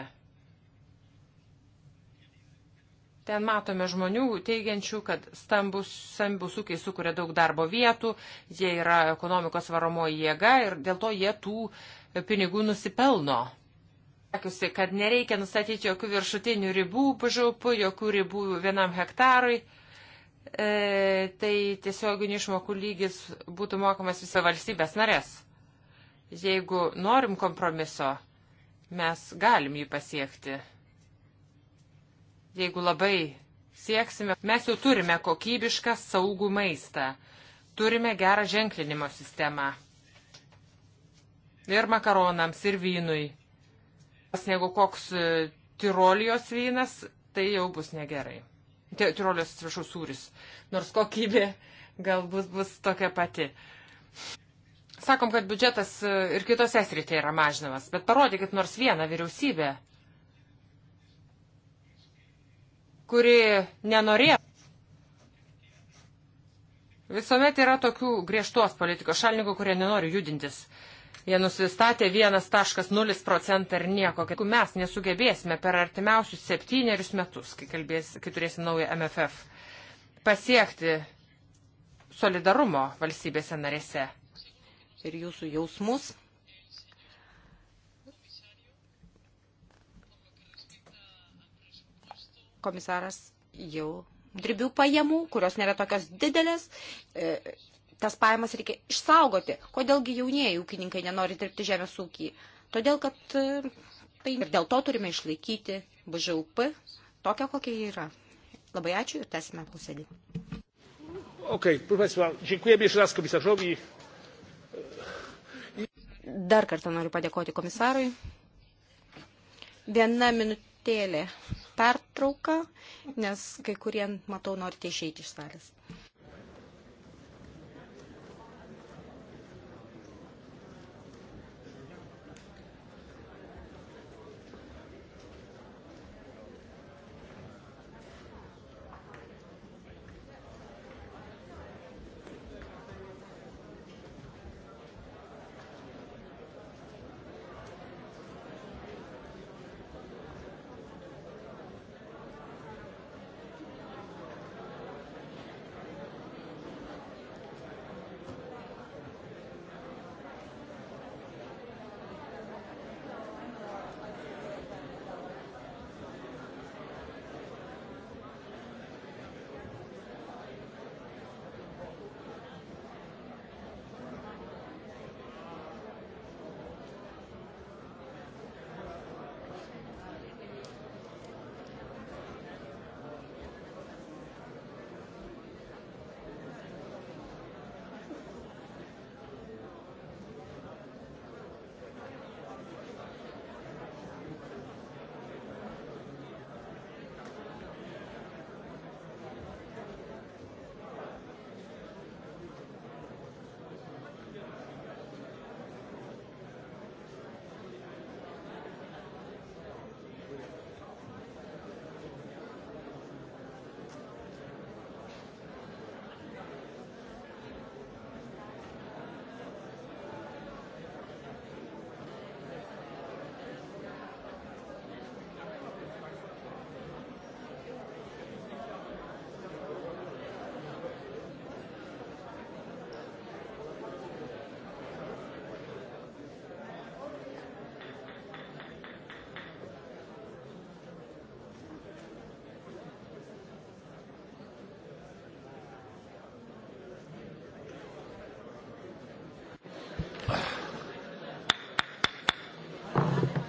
Ten matome žmonių teigiančių, kad stambus, stambus ūkiai sukuria daug darbo vietų, jie yra ekonomikos varomoji jėga ir dėl to jie tų pinigų nusipelno. Sakiusi, kad nereikia nustatyti jokių viršutinių ribų pažaupų, jokių ribų vienam hektarui e, tai tiesioginių išmokų lygis būtų mokamas visą valstybės narės. Jeigu norim kompromiso, mes galim jį pasiekti. Jeigu labai sieksime, mes jau turime kokybišką saugų maistą, turime gerą ženklinimo sistemą. Ir makaronams, ir vynui. Nes jeigu koks e, Tirolijos vynas, tai jau bus negerai tirolės, atsiprašau, sūris. Nors kokybė galbūt bus tokia pati. Sakom, kad biudžetas e, ir kitose srityje yra mažinamas, bet parodykit nors vieną vyriausybę, kuri nenorėjo. Visuomet yra tokių griežtos politikos šalininkų, kurie nenori judintis. Uh, Jie nusistatė 1.0 procentą ir nieko, kad mes nesugebėsime per artimiausius septynerius metus, kai, kalbės, kai turėsim naują MFF, pasiekti solidarumo valstybėse narėse. Ir jūsų jausmus. Komisaras jau dribių pajamų, kurios nėra tokios didelės. E, tas pajamas reikia išsaugoti. Kodėlgi jaunieji ūkininkai nenori dirbti žemės ūkį? Todėl, kad e, tai ir dėl to turime išlaikyti BŽUP tokią, kokia jį yra. Labai ačiū ir tęsime posėdį. Okay, profesor, dziękujemy jeszcze raz komisarzowi. Dar kartą noriu padėkoti komisarui. Viena minutėlė pertrauka, nes kai kurie, matau, norite išeiti iš salės.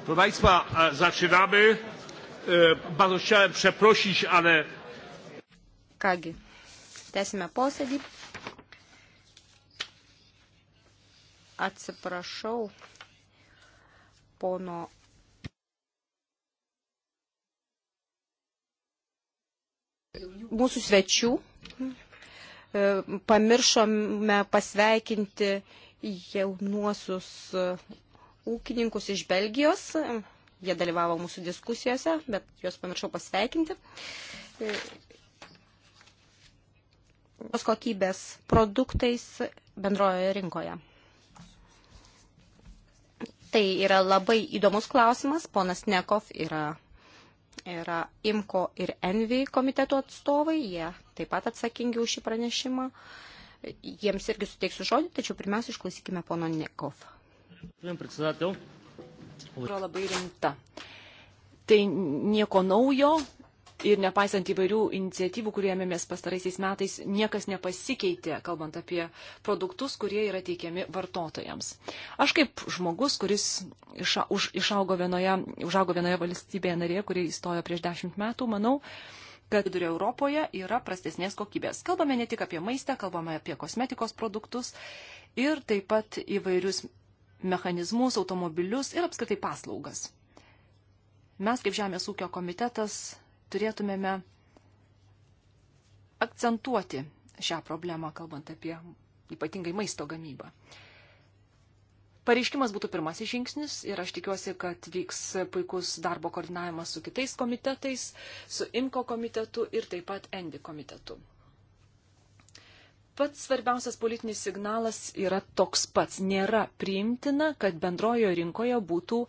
Proszę Państwa, e, zaczynamy. E, bardzo chciałem przeprosić, ale. Kągi, tęsime posėdį. Atsiprašau pono mūsų svečių. E, pamiršome pasveikinti jaunuosius ūkininkus iš Belgijos. Jie dalyvavo mūsų diskusijose, bet juos pamiršau pasveikinti. Tos kokybės produktais bendrojoje rinkoje. Tai yra labai įdomus klausimas. Ponas Nekov yra, yra IMKO ir ENVI komiteto atstovai. Jie taip pat atsakingi už šį pranešimą. Jiems irgi suteiksiu žodį, tačiau pirmiausia išklausykime pono Nekov. Yra labai rimta. Tai nieko naujo ir nepaisant įvairių iniciatyvų, kurie ėmėmės pastaraisiais metais, niekas nepasikeitė, kalbant apie produktus, kurie yra teikiami vartotojams. Aš kaip žmogus, kuris iša, už, išaugo vienoje, užaugo vienoje valstybėje narėje, kurie įstojo prieš dešimt metų, manau, kad vidurio Europoje yra prastesnės kokybės. Kalbame ne tik apie maistą, kalbame apie kosmetikos produktus ir taip pat įvairius mechanizmus, automobilius ir apskritai paslaugas. Mes kaip Žemės ūkio komitetas turėtumėme akcentuoti šią problemą, kalbant apie ypatingai maisto gamybą. Pareiškimas būtų pirmasis žingsnis ir aš tikiuosi, kad vyks puikus darbo koordinavimas su kitais komitetais, su IMCO komitetu ir taip pat ENDI komitetu pats svarbiausias politinis signalas yra toks pats. Nėra priimtina, kad bendrojo rinkoje būtų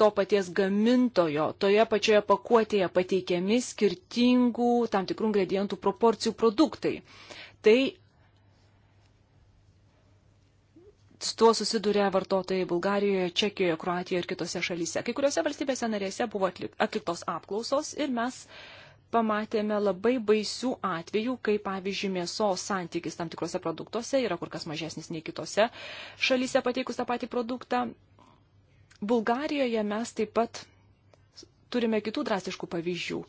to paties gamintojo, toje pačioje pakuotėje pateikiami skirtingų tam tikrų ingredientų proporcijų produktai. Tai su tuo susiduria vartotojai Bulgarijoje, Čekijoje, Kroatijoje ir kitose šalyse. Kai kuriuose valstybėse narėse buvo atliktos apklausos ir mes uh, pamatėme labai baisių atvejų, kai pavyzdžiui mėsos santykis tam tikrose produktuose yra kur kas mažesnis nei kitose šalyse pateikus tą patį produktą. Bulgarijoje mes taip pat turime kitų drastiškų pavyzdžių.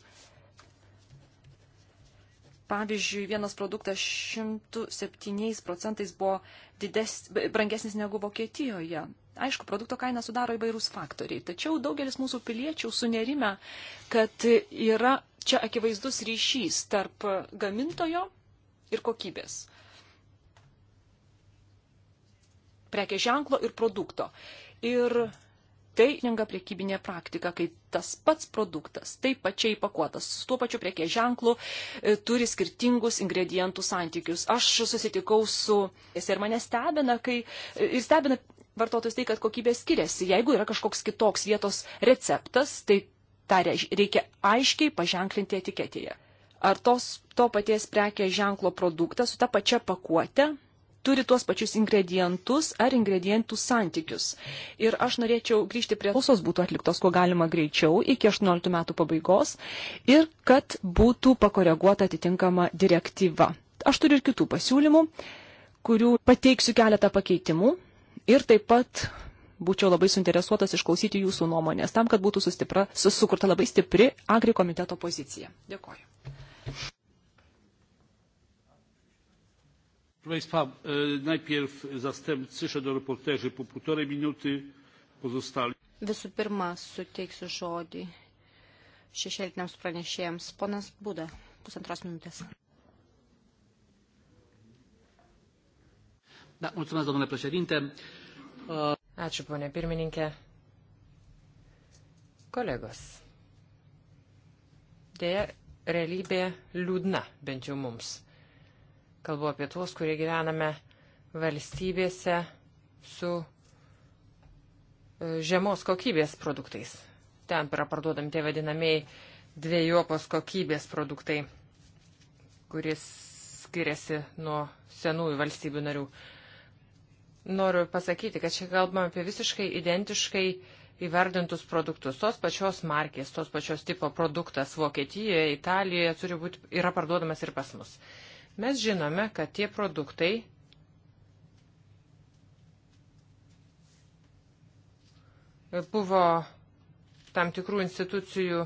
Pavyzdžiui, vienas produktas 107 procentais buvo dides, brangesnis negu Vokietijoje. Aišku, produkto kainą sudaro įvairūs faktoriai, tačiau daugelis mūsų piliečių sunerime, kad yra čia akivaizdus ryšys tarp gamintojo ir kokybės. Prekės ženklo ir produkto. Ir tai nenga priekybinė praktika, kai tas pats produktas, taip pačiai pakuotas, su tuo pačiu prekės ženklu, e, turi skirtingus ingredientų santykius. Aš susitikau su, jis ir mane stebina, kai, e, ir stebina vartotojus tai, kad kokybė skiriasi. Jeigu yra kažkoks kitoks vietos receptas, tai tą reikia aiškiai paženklinti etiketėje. Ar tos, to paties prekės ženklo produktas su ta pačia pakuote turi tuos pačius ingredientus ar ingredientų santykius. Ir aš norėčiau grįžti prie klausos būtų atliktos, kuo galima greičiau, iki 18 metų pabaigos ir kad būtų pakoreguota atitinkama direktyva. Aš turiu ir kitų pasiūlymų, kurių pateiksiu keletą pakeitimų Ir taip pat būčiau labai suinteresuotas išklausyti jūsų nuomonės, tam, kad būtų sustipra, sukurta labai stipri agri komiteto pozicija. Dėkoju. Proszę Państwa, e, najpierw zastępcy, szedoreporterzy po półtorej minuty, pozostali. Visų pirma, suteiksiu žodį šešėliniams pranešėjams. Ponas Būda, pusantros minutės. Da, mulțumesc, domnule președinte. Uh... Ačiū, ponė pirmininkė. Kolegos. Dėja, realybė liūdna, bent jau mums. Kalbu apie tuos, kurie gyvename valstybėse su uh, žemos kokybės produktais. Ten yra parduodami tie vadinamieji dviejopos kokybės produktai, kuris skiriasi nuo senųjų valstybių narių noriu pasakyti, kad čia kalbame apie visiškai identiškai įvardintus produktus. Tos pačios markės, tos pačios tipo produktas Vokietijoje, Italijoje turi būti, yra parduodamas ir pas mus. Mes žinome, kad tie produktai buvo tam tikrų institucijų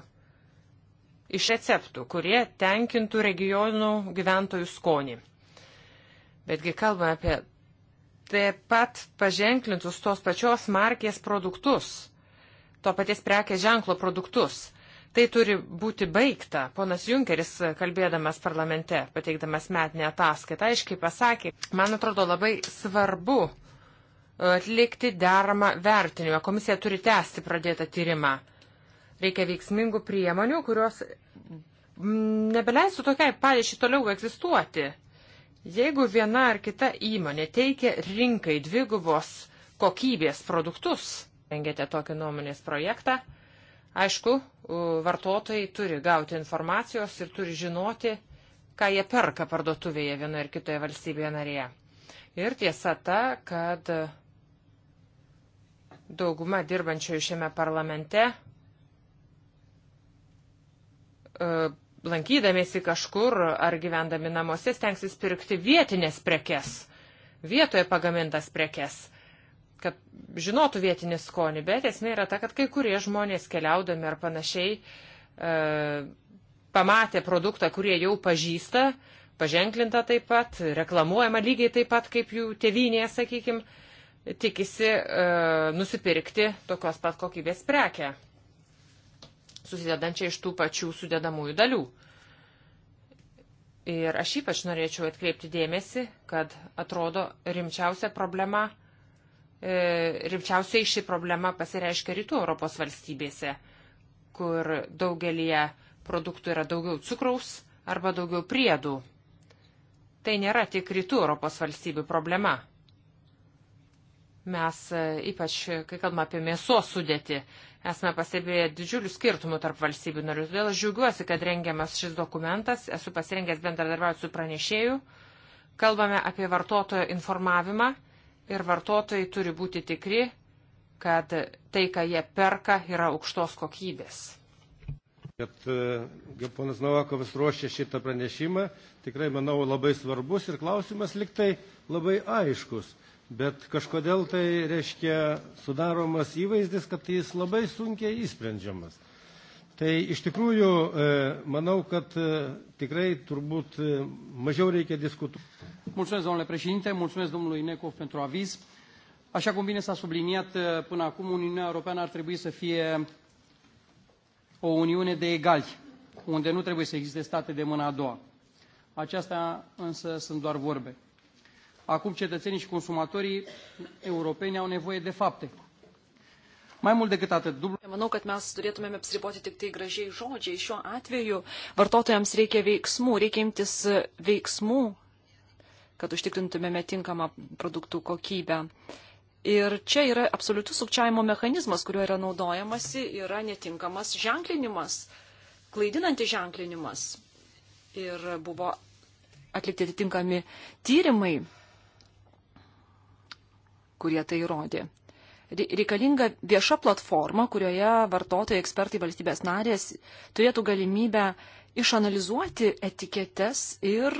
iš receptų, kurie tenkintų regionų gyventojų skonį. Betgi kalbame apie taip pat paženklintus tos pačios markės produktus, to paties prekės ženklo produktus. Tai turi būti baigta. Ponas Junkeris, kalbėdamas parlamente, pateikdamas metinę ataskaitą, aiškiai pasakė, man atrodo labai svarbu e, atlikti deramą vertinimą. Komisija turi tęsti pradėtą tyrimą. Reikia veiksmingų priemonių, kurios nebeleistų tokiai padėčiai toliau egzistuoti. Jeigu viena ar kita įmonė teikia rinkai dvigubos kokybės produktus, rengėte tokį nuomonės projektą, aišku, vartotojai turi gauti informacijos ir turi žinoti, ką jie perka parduotuvėje vienoje ar kitoje valstybėje narėje. Ir tiesa ta, kad dauguma dirbančiųjų šiame parlamente e, lankydamėsi kažkur ar gyvendami namuose stengsis pirkti vietinės prekes, vietoje pagamintas prekes, kad žinotų vietinį skonį, bet esmė yra ta, kad kai kurie žmonės keliaudami ar panašiai e, pamatė produktą, kurie jau pažįsta, paženklinta taip pat, reklamuojama lygiai taip pat kaip jų tevinėje, sakykime, tikisi e, nusipirkti tokios pat kokybės prekę susidedančią iš tų pačių sudedamųjų dalių. Ir aš ypač norėčiau atkreipti dėmesį, kad atrodo rimčiausia problema, e, rimčiausiai ši problema pasireiškia rytų Europos valstybėse, kur daugelie produktų yra daugiau cukraus arba daugiau priedų. Tai nėra tik rytų Europos valstybių problema. Mes e, ypač, kai kalbame apie mėsos sudėti, Esame pastebėję didžiulių skirtumų tarp valstybių narių. Todėl aš džiaugiuosi, kad rengiamas šis dokumentas. Esu pasirengęs bendradarbiauti su pranešėju. Kalbame apie vartotojo informavimą ir vartotojai turi būti tikri, kad tai, ką jie perka, yra aukštos kokybės. Kad e, ponas Novakovas ruošia šitą pranešimą, tikrai manau labai svarbus ir klausimas liktai labai aiškus. Bet kažkodėl tai reiškia sudaromas įvaizdis, kad tai jis labai sunkiai įsprendžiamas. Tai iš tikrųjų e, manau, kad e, tikrai turbūt e, mažiau reikia diskutuoti. Mulțumesc, domnule președinte, mulțumesc domnului Necov pentru aviz. Așa cum bine s-a subliniat până acum, Uniunea Europeană ar trebui să fie o Uniune de egali, unde nu trebuie să existe state de mâna a doua. Aceasta însă sunt doar vorbe Acum cetățenii și consumatorii europeni au nevoie de fapte. Mai mult decât atât, dublu. Manau, kad mes turėtumėme apsiriboti tik tai gražiai žodžiai. Šiuo atveju vartotojams reikia veiksmų, reikia imtis veiksmų, kad užtikrintumėme tinkamą produktų kokybę. Ir čia yra absoliutus sukčiavimo mechanizmas, kuriuo yra naudojamasi, yra netinkamas ženklinimas, klaidinanti ženklinimas. Ir buvo atlikti atitinkami tyrimai kurie tai įrodė. Reikalinga vieša platforma, kurioje vartotojai, ekspertai, valstybės narės turėtų galimybę išanalizuoti etiketes ir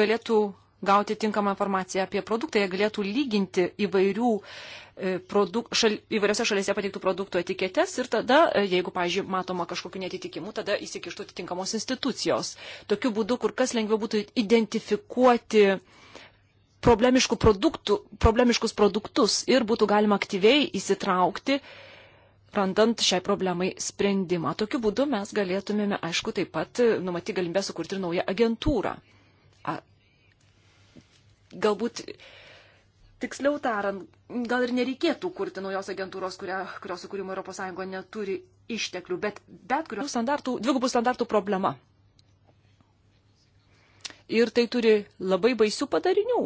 galėtų gauti tinkamą informaciją apie produktą, jie galėtų lyginti įvairių e, produk, šal, įvairiose šalyse pateiktų produktų etiketes ir tada, e, jeigu, pažiūrėjau, matoma kažkokiu netitikimu, tada įsikištų atitinkamos institucijos. Tokiu būdu kur kas lengviau būtų identifikuoti uh, problemiškų produktų, problemiškus produktus ir būtų galima aktyviai įsitraukti, randant šiai problemai sprendimą. Tokiu būdu mes galėtumėme, aišku, taip pat e, numatyti galimybę sukurti ir naują agentūrą. A, galbūt, tiksliau tariant, gal ir nereikėtų kurti naujos agentūros, kuria, kurios sukūrimo ES neturi išteklių, bet bet kurios standartų, dvigubų standartų problema Ir tai turi labai baisių padarinių,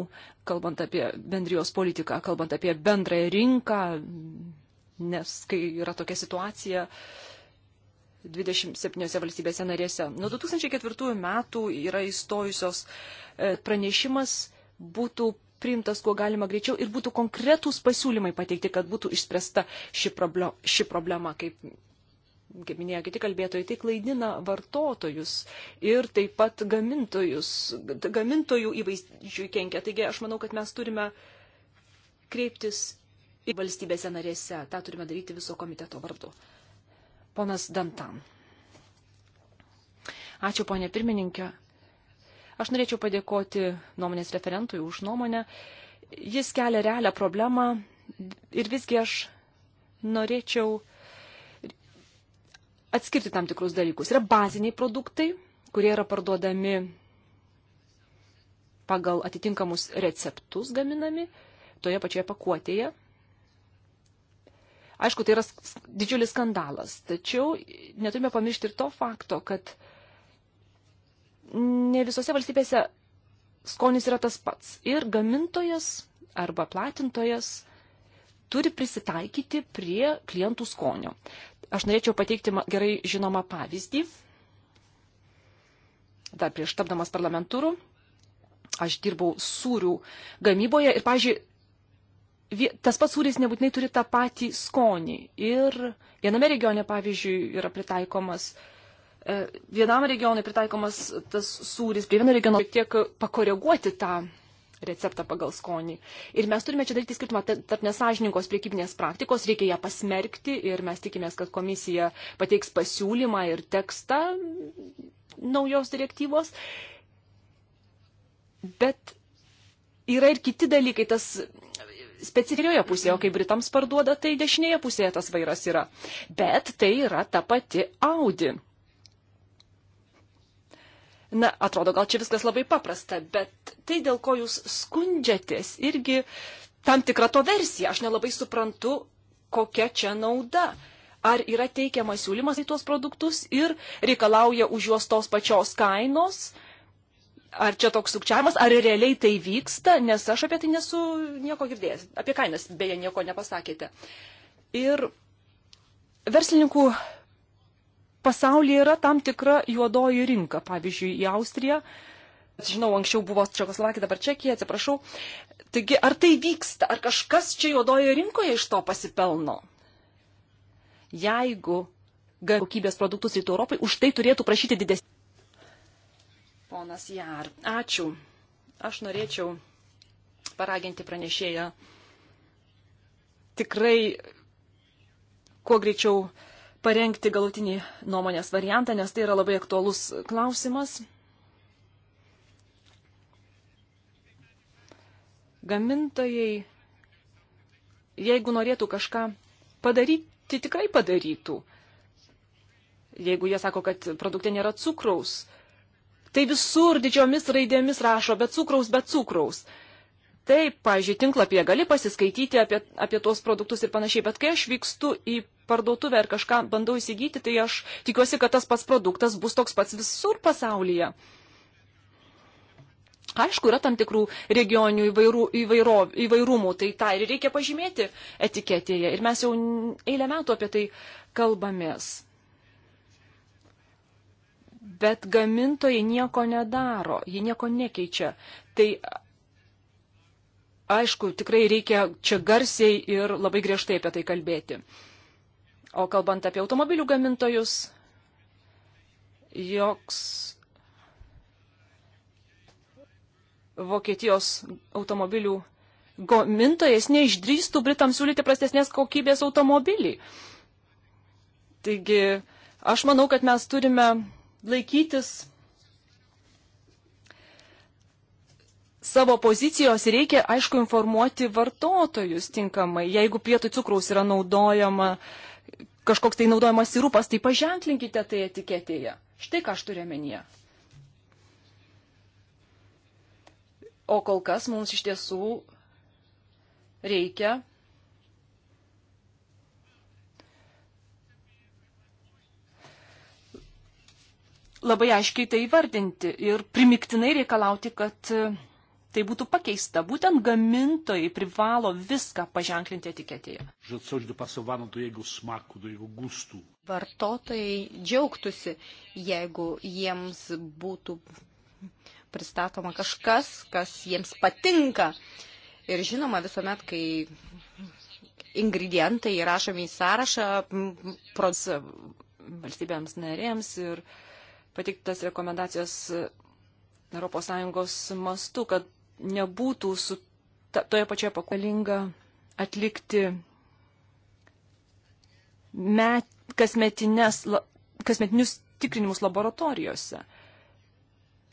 kalbant apie bendrijos politiką, kalbant apie bendrąją rinką, nes kai yra tokia situacija 27 valstybėse narėse. Nuo 2004 metų yra įstojusios e, pranešimas būtų priimtas kuo galima greičiau ir būtų konkretūs pasiūlymai pateikti, kad būtų išspręsta ši, problem, ši problema, kaip kaip minėjo kiti kalbėtojai, tai klaidina vartotojus ir taip pat gamintojus, gamintojų įvaizdžiui kenkia. Taigi aš manau, kad mes turime kreiptis į valstybėse narėse. Ta turime daryti viso komiteto vardu. Ponas Dantan. Ačiū, ponė pirmininkė. Aš norėčiau padėkoti nuomonės referentui už nuomonę. Jis kelia realią problemą ir visgi aš norėčiau atskirti tam tikrus dalykus. Yra baziniai produktai, kurie yra parduodami pagal atitinkamus receptus gaminami toje pačioje pakuotėje. Aišku, tai yra didžiulis skandalas, tačiau neturime pamiršti ir to fakto, kad ne visose valstybėse skonis yra tas pats. Ir gamintojas arba platintojas turi prisitaikyti prie klientų skonio. Aš norėčiau pateikti gerai žinomą pavyzdį. Dar prieš tapdamas parlamentūrų, aš dirbau sūrių gamyboje ir, pažiūrėjau, tas pats sūris nebūtinai turi tą patį skonį. Ir viename regione, pavyzdžiui, yra pritaikomas, e, vienam regionui pritaikomas tas sūris, prie vieno regiono šiek tiek pakoreguoti tą receptą pagal skonį. Ir mes turime čia daryti skirtumą tarp nesažininkos priekybinės praktikos, reikia ją pasmerkti ir mes tikimės, kad komisija pateiks pasiūlymą ir tekstą naujos direktyvos. Bet yra ir kiti dalykai, tas specifinioje pusėje, o kai Britams parduoda, tai dešinėje pusėje tas vairas yra. Bet tai yra ta pati Audi. Na, atrodo, gal čia viskas labai paprasta, bet tai, dėl ko jūs skundžiatės, irgi tam tikra to versija. Aš nelabai suprantu, kokia čia nauda. Ar yra teikiamas siūlymas į tuos produktus ir reikalauja už juos tos pačios kainos? Ar čia toks sukčiavimas, ar realiai tai vyksta, nes aš apie tai nesu nieko girdėjęs. Apie kainas beje nieko nepasakėte. Ir verslininkų pasaulyje yra tam tikra juodoji rinka, pavyzdžiui, į Austriją. Žinau, anksčiau buvo Čekoslovakija, dabar Čekija, atsiprašau. Taigi, ar tai vyksta, ar kažkas čia juodojoje rinkoje iš to pasipelno? Jeigu kokybės produktus rytų Europai, už tai turėtų prašyti didesnį. Ponas Jar, ačiū. Aš norėčiau paraginti pranešėją tikrai kuo greičiau parengti galutinį nuomonės variantą, nes tai yra labai aktuolus klausimas. Gamintojai, jeigu norėtų kažką padaryti, tai tikrai padarytų. Jeigu jie sako, kad produkte nėra cukraus, tai visur didžiomis raidėmis rašo, bet cukraus, bet cukraus. Bet cukraus Taip, pažiūrėjau, tinklapyje gali pasiskaityti apie, apie tuos produktus ir panašiai, bet kai aš vykstu į parduotuvę ir kažką bandau įsigyti, tai aš tikiuosi, kad tas pats produktas bus toks pats visur pasaulyje. Aišku, yra tam tikrų regionių įvairų, įvairo, įvairumų, tai tą ir reikia pažymėti etiketėje. Ir mes jau eilę metų apie tai kalbamės. Bet gamintojai nieko nedaro, jie nieko nekeičia. Tai aišku, tikrai reikia čia garsiai ir labai griežtai apie tai kalbėti. O kalbant apie automobilių gamintojus, joks Vokietijos automobilių gamintojas neišdrįstų Britams siūlyti prastesnės kokybės automobilį. Taigi, aš manau, kad mes turime laikytis savo pozicijos reikia, aišku, informuoti vartotojus tinkamai. Jeigu vietoj cukraus yra naudojama kažkoks tai naudojamas sirupas, tai paženklinkite tai etiketėje. Štai ką aš turiu menyje. O kol kas mums iš tiesų reikia labai aiškiai tai vardinti ir primiktinai reikalauti, kad tai būtų pakeista. Būtent gamintojai privalo viską paženklinti etiketėje. Vartotojai džiaugtųsi, jeigu jiems būtų pristatoma kažkas, kas jiems patinka. Ir žinoma, visuomet, kai ingredientai įrašomi į sąrašą valstybėms narėms ir patiktas rekomendacijos ES mastu, kad nebūtų su ta, toje pačioje pakolinga atlikti met, kasmetines, kasmetinius tikrinimus laboratorijose,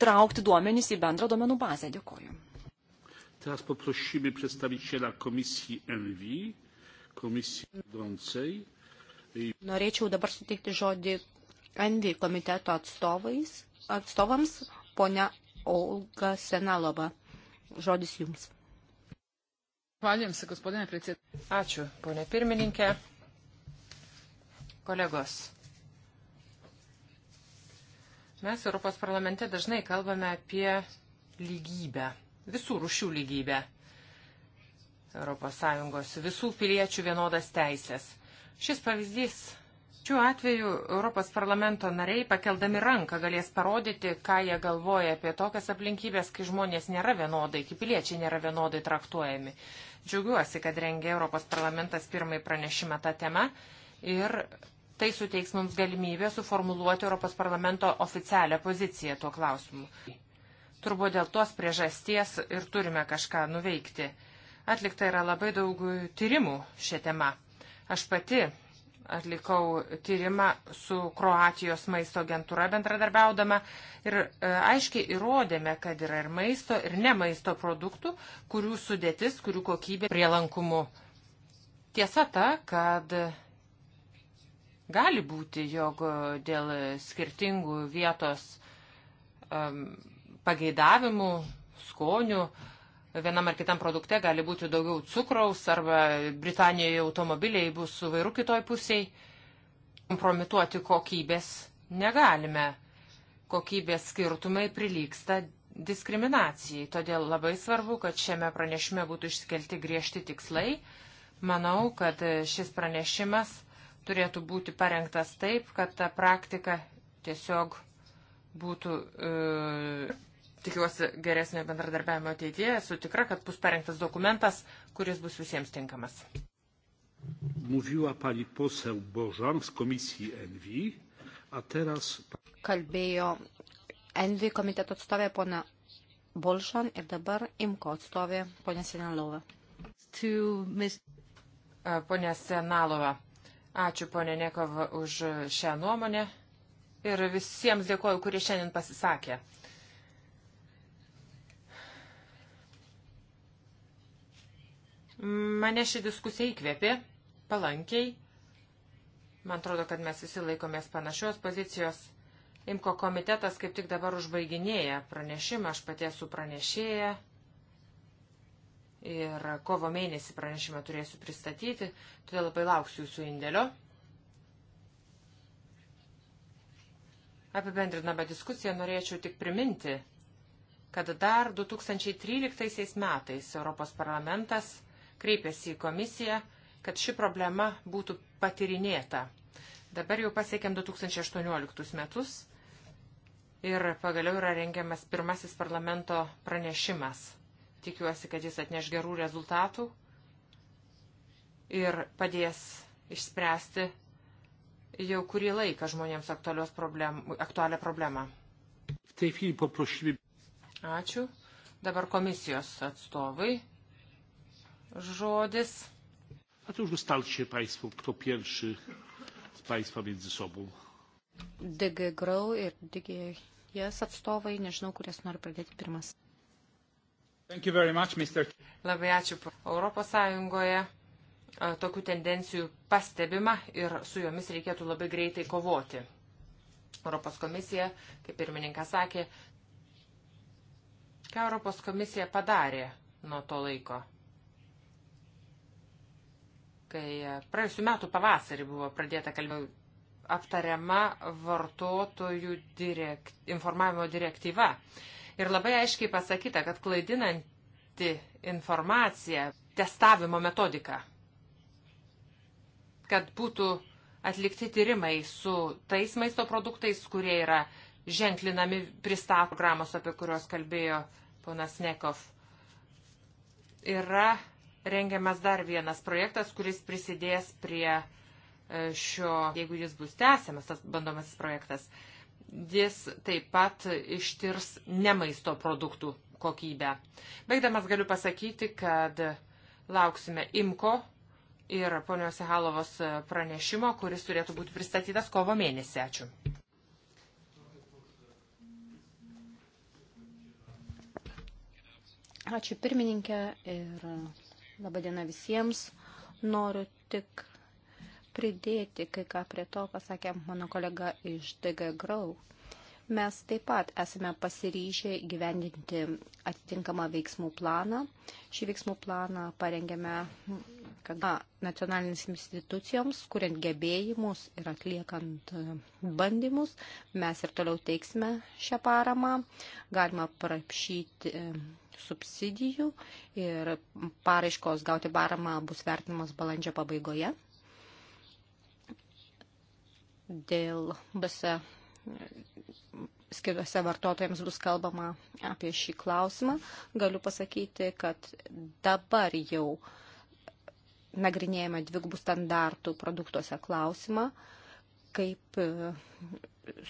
traukti duomenys į bendrą duomenų bazę. Dėkoju. Teraz poprosimy przedstawiciela komisji ENVI, komisji wiodącej. Norėčiau dabar suteikti žodį ENVI komiteto atstovais, atstovams, ponia Olga Senalova. Žodis jums. Ačiū, ponė pirmininkė. Kolegos. Mes Europos parlamente dažnai kalbame apie lygybę, visų rušių lygybę. ES visų piliečių vienodas teisės. Šis pavyzdys Šiuo atveju Europos parlamento nariai pakeldami ranką galės parodyti, ką jie galvoja apie tokias aplinkybės, kai žmonės nėra vienodai, kai piliečiai nėra vienodai traktuojami. Džiaugiuosi, kad rengia Europos parlamentas pirmąjį pranešimą tą temą ir tai suteiks mums galimybę suformuluoti Europos parlamento oficialią poziciją tuo klausimu. Turbūt dėl tos priežasties ir turime kažką nuveikti. Atlikta yra labai daug tyrimų šią temą. Aš pati atlikau tyrimą su Kroatijos maisto agentūra bendradarbiaudama ir e, aiškiai įrodėme, kad yra ir maisto, ir ne maisto produktų, kurių sudėtis, kurių kokybė prielankumu. Tiesa ta, kad gali būti, jog dėl skirtingų vietos um, pageidavimų, skonių, uh, vienam ar kitam produkte gali būti daugiau cukraus arba Britanijoje automobiliai bus su vairu kitoj pusėj. Kompromituoti kokybės negalime. Kokybės skirtumai prilyksta diskriminacijai. Todėl labai svarbu, kad šiame pranešime būtų išskelti griežti tikslai. Manau, kad šis pranešimas turėtų būti parengtas taip, kad ta praktika tiesiog būtų e, tikiuosi geresnio bendradarbiavimo ateityje. Esu tikra, kad bus parengtas dokumentas, kuris bus visiems tinkamas. Mówiła pani poseł Bożan z komisji Envi, a teraz... Kalbėjo Envi komiteto atstovė pona Bolšan ir dabar Imko atstovė ponia Senalova. Mis... Ponia Senalova, ačiū ponia Nekova už šią nuomonę ir visiems dėkoju, kurie šiandien pasisakė. Mane ši diskusija įkvėpė palankiai. Man atrodo, kad mes visi laikomės panašios pozicijos. Imko komitetas kaip tik dabar užbaiginėja pranešimą, aš pati esu pranešėja. Ir kovo mėnesį pranešimą turėsiu pristatyti, todėl labai lauksiu jūsų indėlio. Apibendrinamą diskusiją norėčiau tik priminti, kad dar 2013 metais Europos parlamentas kreipėsi į komisiją, kad ši problema būtų patirinėta. Dabar jau pasiekėm 2018 metus ir pagaliau yra rengiamas pirmasis parlamento pranešimas. Tikiuosi, kad jis atneš gerų rezultatų ir padės išspręsti jau kurį laiką žmonėms problem, aktualią problemą. Ačiū. Dabar komisijos atstovai žodis. A to już ustalcie Państwo, kto pierwszy z Państwa między sobą. DG Grow ir DG Jas atstovai, nežinau, kurias nori pradėti pirmas. Much, Mr. Labai ačiū. Europos Sąjungoje tokių tendencijų pastebima ir su jomis reikėtų labai greitai kovoti. Europos komisija, kaip pirmininkas sakė, ką Europos komisija padarė nuo to laiko? kai e, praėjusiu metu pavasarį buvo pradėta kalbėti aptariama vartotojų direkt, informavimo direktyva. Ir labai aiškiai pasakyta, kad klaidinanti informacija testavimo metodika, kad būtų atlikti tyrimai su tais maisto produktais, kurie yra ženklinami pristato programos, apie kurios kalbėjo ponas Nekov. Yra rengiamas dar vienas projektas, kuris prisidės prie e, šio, jeigu jis bus tęsiamas, tas bandomasis projektas, jis taip pat ištirs nemaisto produktų kokybę. Baigdamas galiu pasakyti, kad lauksime IMKO ir ponios Halovos pranešimo, kuris turėtų būti pristatytas kovo mėnesį. Ačiū. Ačiū pirmininkė ir Labadiena visiems. Noriu tik pridėti kai ką prie to, pasakė mano kolega iš DG Grow. Mes taip pat esame pasiryžę gyvendinti atitinkamą veiksmų planą. Šį veiksmų planą parengėme kad, na, nacionalinės institucijoms, kuriant gebėjimus ir atliekant e, bandymus. Mes ir toliau teiksime šią paramą. Galima prašyti e, subsidijų ir paraiškos gauti paramą bus vertinamas balandžio pabaigoje. Dėl BSE skiriuose vartotojams bus kalbama apie šį klausimą. Galiu pasakyti, kad dabar jau nagrinėjame dvigubų standartų produktuose klausimą, kaip e,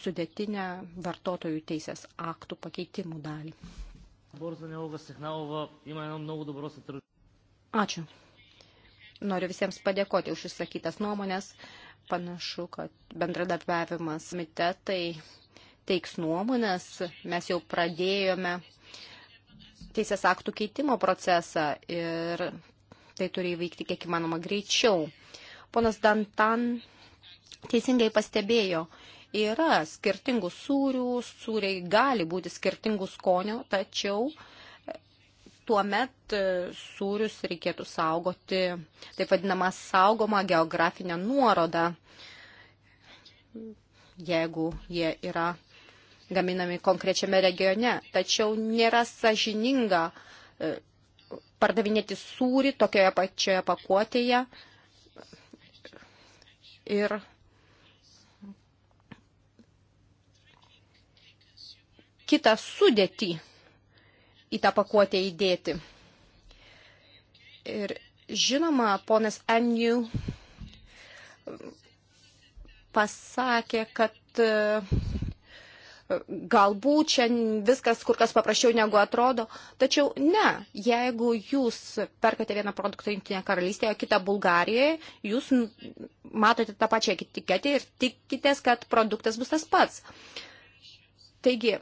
sudėtinę vartotojų teisės aktų pakeitimų dalį. Borzanė Olga Sechnalova, įmanėm naugų dobro Ačiū. Noriu visiems padėkoti už išsakytas nuomonės. Panašu, kad bendradarbiavimas mitetai teiks nuomonės. Mes jau pradėjome teisės aktų keitimo procesą ir tai turi įvykti kiek įmanoma greičiau. Ponas Dantan teisingai pastebėjo, yra skirtingų sūrių, sūriai gali būti skirtingų skonio, tačiau e, tuomet e, sūrius reikėtų saugoti, taip vadinamą saugomą geografinę nuorodą, jeigu jie yra gaminami konkrečiame regione. Tačiau nėra sažininga e, pardavinėti sūrį tokioje pačioje pakuotėje ir kitą sudėtį į tą pakuotę įdėti. Ir žinoma, ponas Anjų pasakė, kad e, galbūt čia viskas kur kas paprasčiau negu atrodo, tačiau ne, jeigu jūs perkate vieną produktą Junktinėje karalystėje, o kitą Bulgarijoje, jūs matote tą pačią etiketę ir tikitės, kad produktas bus tas pats. Taigi,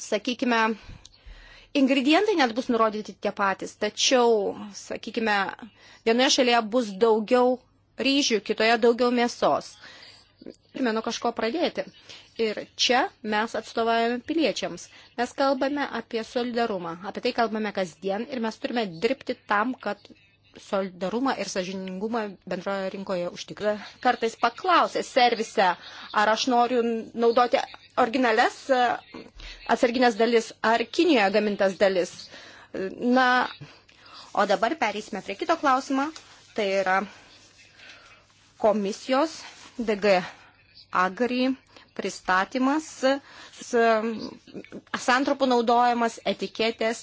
sakykime, ingredientai net bus nurodyti tie patys, tačiau, sakykime, vienoje šalyje bus daugiau ryžių, kitoje daugiau mėsos. Turime nuo kažko pradėti. Ir čia mes atstovavome piliečiams. Mes kalbame apie solidarumą. Apie tai kalbame kasdien ir mes turime dirbti tam, kad solidarumą ir sažiningumą bendroje rinkoje užtikrina. Kartais paklausė servise, ar aš noriu naudoti originales atsarginės dalis ar Kinijoje gamintas dalis. Na, o dabar pereisime prie kito klausimą. Tai yra komisijos DG Agri pristatymas, santropų naudojimas, etiketės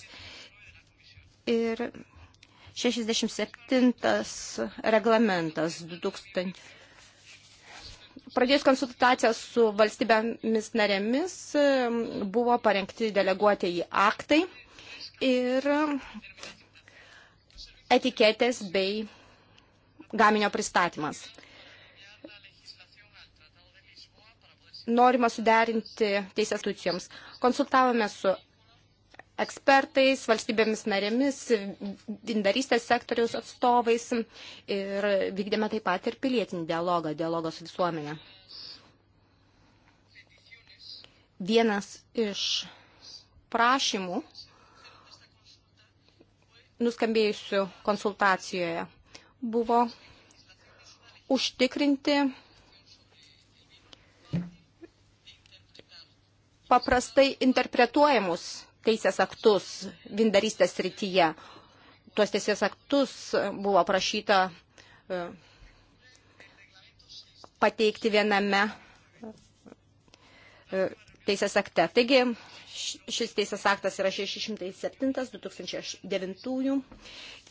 ir 67 reglamentas 2000. Pradėjus konsultacijas su valstybėmis narėmis buvo parengti deleguotieji aktai ir etiketės bei gaminio pristatymas. Norima suderinti teisės institucijoms. Konsultavome su ekspertais, valstybėmis narėmis, vindarystės sektoriaus atstovais ir vykdėme taip pat ir pilietinį dialogą, dialogą su visuomenė. Vienas iš prašymų nuskambėjusių konsultacijoje buvo užtikrinti paprastai interpretuojamus teisės aktus vindarystės srityje. Tuos teisės aktus buvo prašyta e, pateikti viename e, teisės akte. Taigi šis teisės aktas yra 607-2009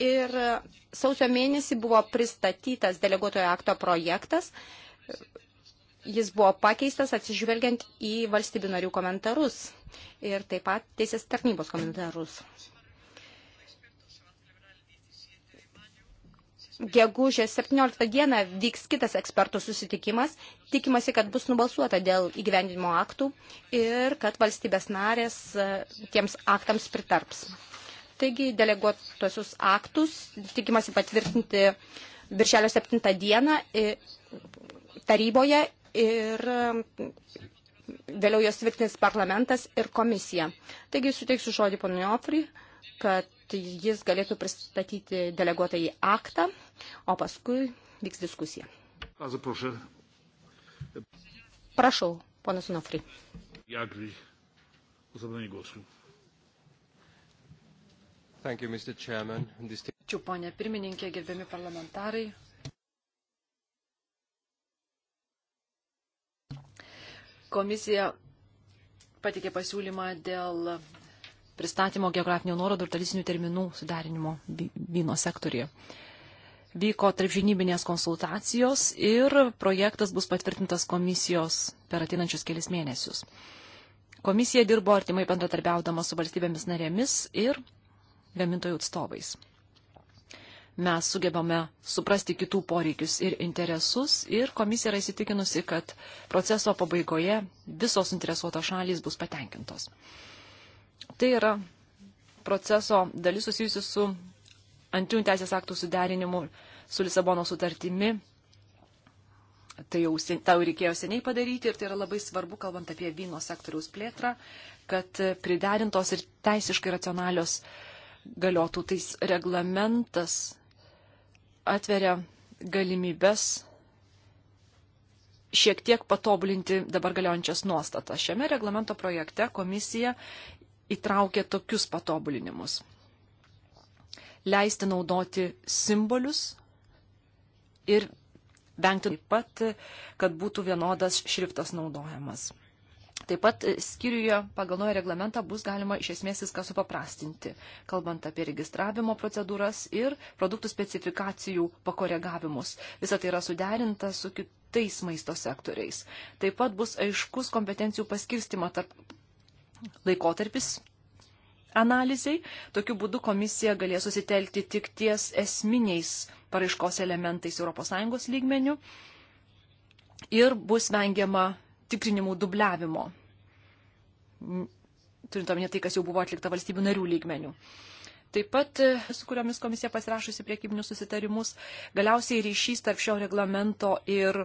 ir sausio mėnesį buvo pristatytas deleguotojo akto projektas. Jis buvo pakeistas atsižvelgiant į valstybių narių komentarus ir taip pat teisės tarnybos komentarus. Gegužės 17 dieną vyks kitas ekspertų susitikimas. Tikimasi, kad bus nubalsuota dėl įgyvendinimo aktų ir kad valstybės narės e, tiems aktams pritarps. Taigi deleguotosius aktus tikimasi patvirtinti birželio 7 dieną e, taryboje ir vėliau jos tvirtins parlamentas ir komisija. Taigi suteiksiu žodį ponui Ofri, kad jis galėtų pristatyti deleguotą į aktą, o paskui vyks diskusija. Prašau, ponas Nofri. Ačiū, ponė pirmininkė, gerbiami parlamentarai, Komisija patikė pasiūlymą dėl pristatymo geografinių nuorodų ir tradicinių terminų sudarinimo vyno sektoriuje. Vyko tarpžinybinės konsultacijos ir projektas bus patvirtintas komisijos per ateinančius kelias mėnesius. Komisija dirbo artimai bendradarbiaudama su valstybėmis narėmis ir gamintojų atstovais mes sugebame suprasti kitų poreikius ir interesus ir komisija yra įsitikinusi, kad proceso pabaigoje visos interesuotos šalys bus patenkintos. Tai yra proceso dalis susijusi su antrinių teisės aktų suderinimu su Lisabono sutartimi. Tai jau tau reikėjo seniai padaryti ir tai yra labai svarbu, kalbant apie vyno sektoriaus plėtrą, kad priderintos ir teisiškai racionalios galiotų tais reglamentas atveria galimybės šiek tiek patobulinti dabar galiojančias nuostatas. Šiame reglamento projekte komisija įtraukė tokius patobulinimus. Leisti naudoti simbolius ir vengti taip pat, kad būtų vienodas šriftas naudojamas. Taip pat skyriuje pagal naują reglamentą bus galima iš esmės viską supaprastinti, kalbant apie registravimo procedūras ir produktų specifikacijų pakoregavimus. Visą tai yra suderinta su kitais maisto sektoriais. Taip pat bus aiškus kompetencijų paskirstimo tarp laikotarpis analizai. Tokiu būdu komisija galės susitelkti tik ties esminiais paraiškos elementais ES lygmenių ir bus vengiama tikrinimų dubliavimo, turint omenyje tai, kas jau buvo atlikta valstybių narių lygmenių. Taip pat, e, su kuriomis komisija pasirašusi priekybinius susitarimus, galiausiai ryšys tarp šio reglamento ir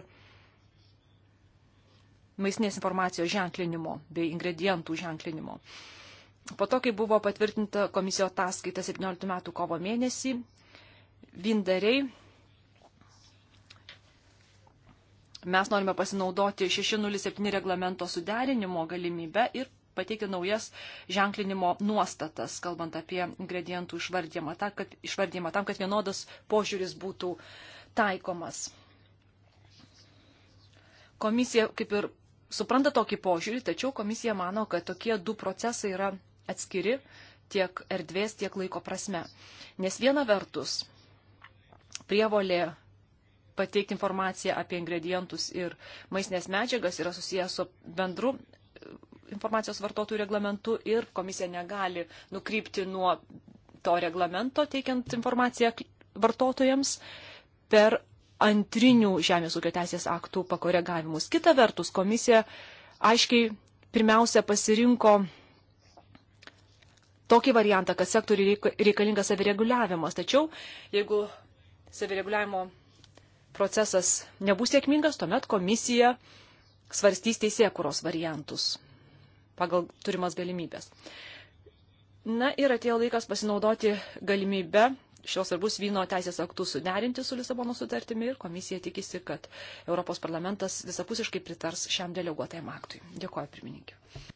maistinės informacijos ženklinimo bei ingredientų ženklinimo. Po to, kai buvo patvirtinta komisijo ataskaita 17 metų kovo mėnesį, vindariai mes norime pasinaudoti 607 reglamento suderinimo galimybę ir pateikti naujas ženklinimo nuostatas, kalbant apie ingredientų išvardymą, ta, kad, išvardymą tam, kad vienodas požiūris būtų taikomas. Komisija kaip ir supranta tokį požiūrį, tačiau komisija mano, kad tokie du procesai yra atskiri tiek erdvės, tiek laiko prasme. Nes viena vertus prievolė pateikti informaciją apie ingredientus ir maisnės medžiagas yra susijęs su bendru e, informacijos vartotojų reglamentu ir komisija negali nukrypti nuo to reglamento teikiant informaciją vartotojams per antrinių žemės ūkio teisės aktų pakoregavimus. Kita vertus, komisija aiškiai pirmiausia pasirinko tokį variantą, kad sektoriui reikalingas savireguliavimas. Tačiau, jeigu savireguliavimo procesas nebus sėkmingas, tuomet komisija svarstys teisėkuros variantus pagal turimas galimybės. Na ir atėjo laikas pasinaudoti galimybę šios svarbus vyno teisės aktus suderinti su Lisabono sutartimi ir komisija tikisi, kad Europos parlamentas visapusiškai pritars šiam deleguotajam aktui. Dėkuoju, pirmininkė.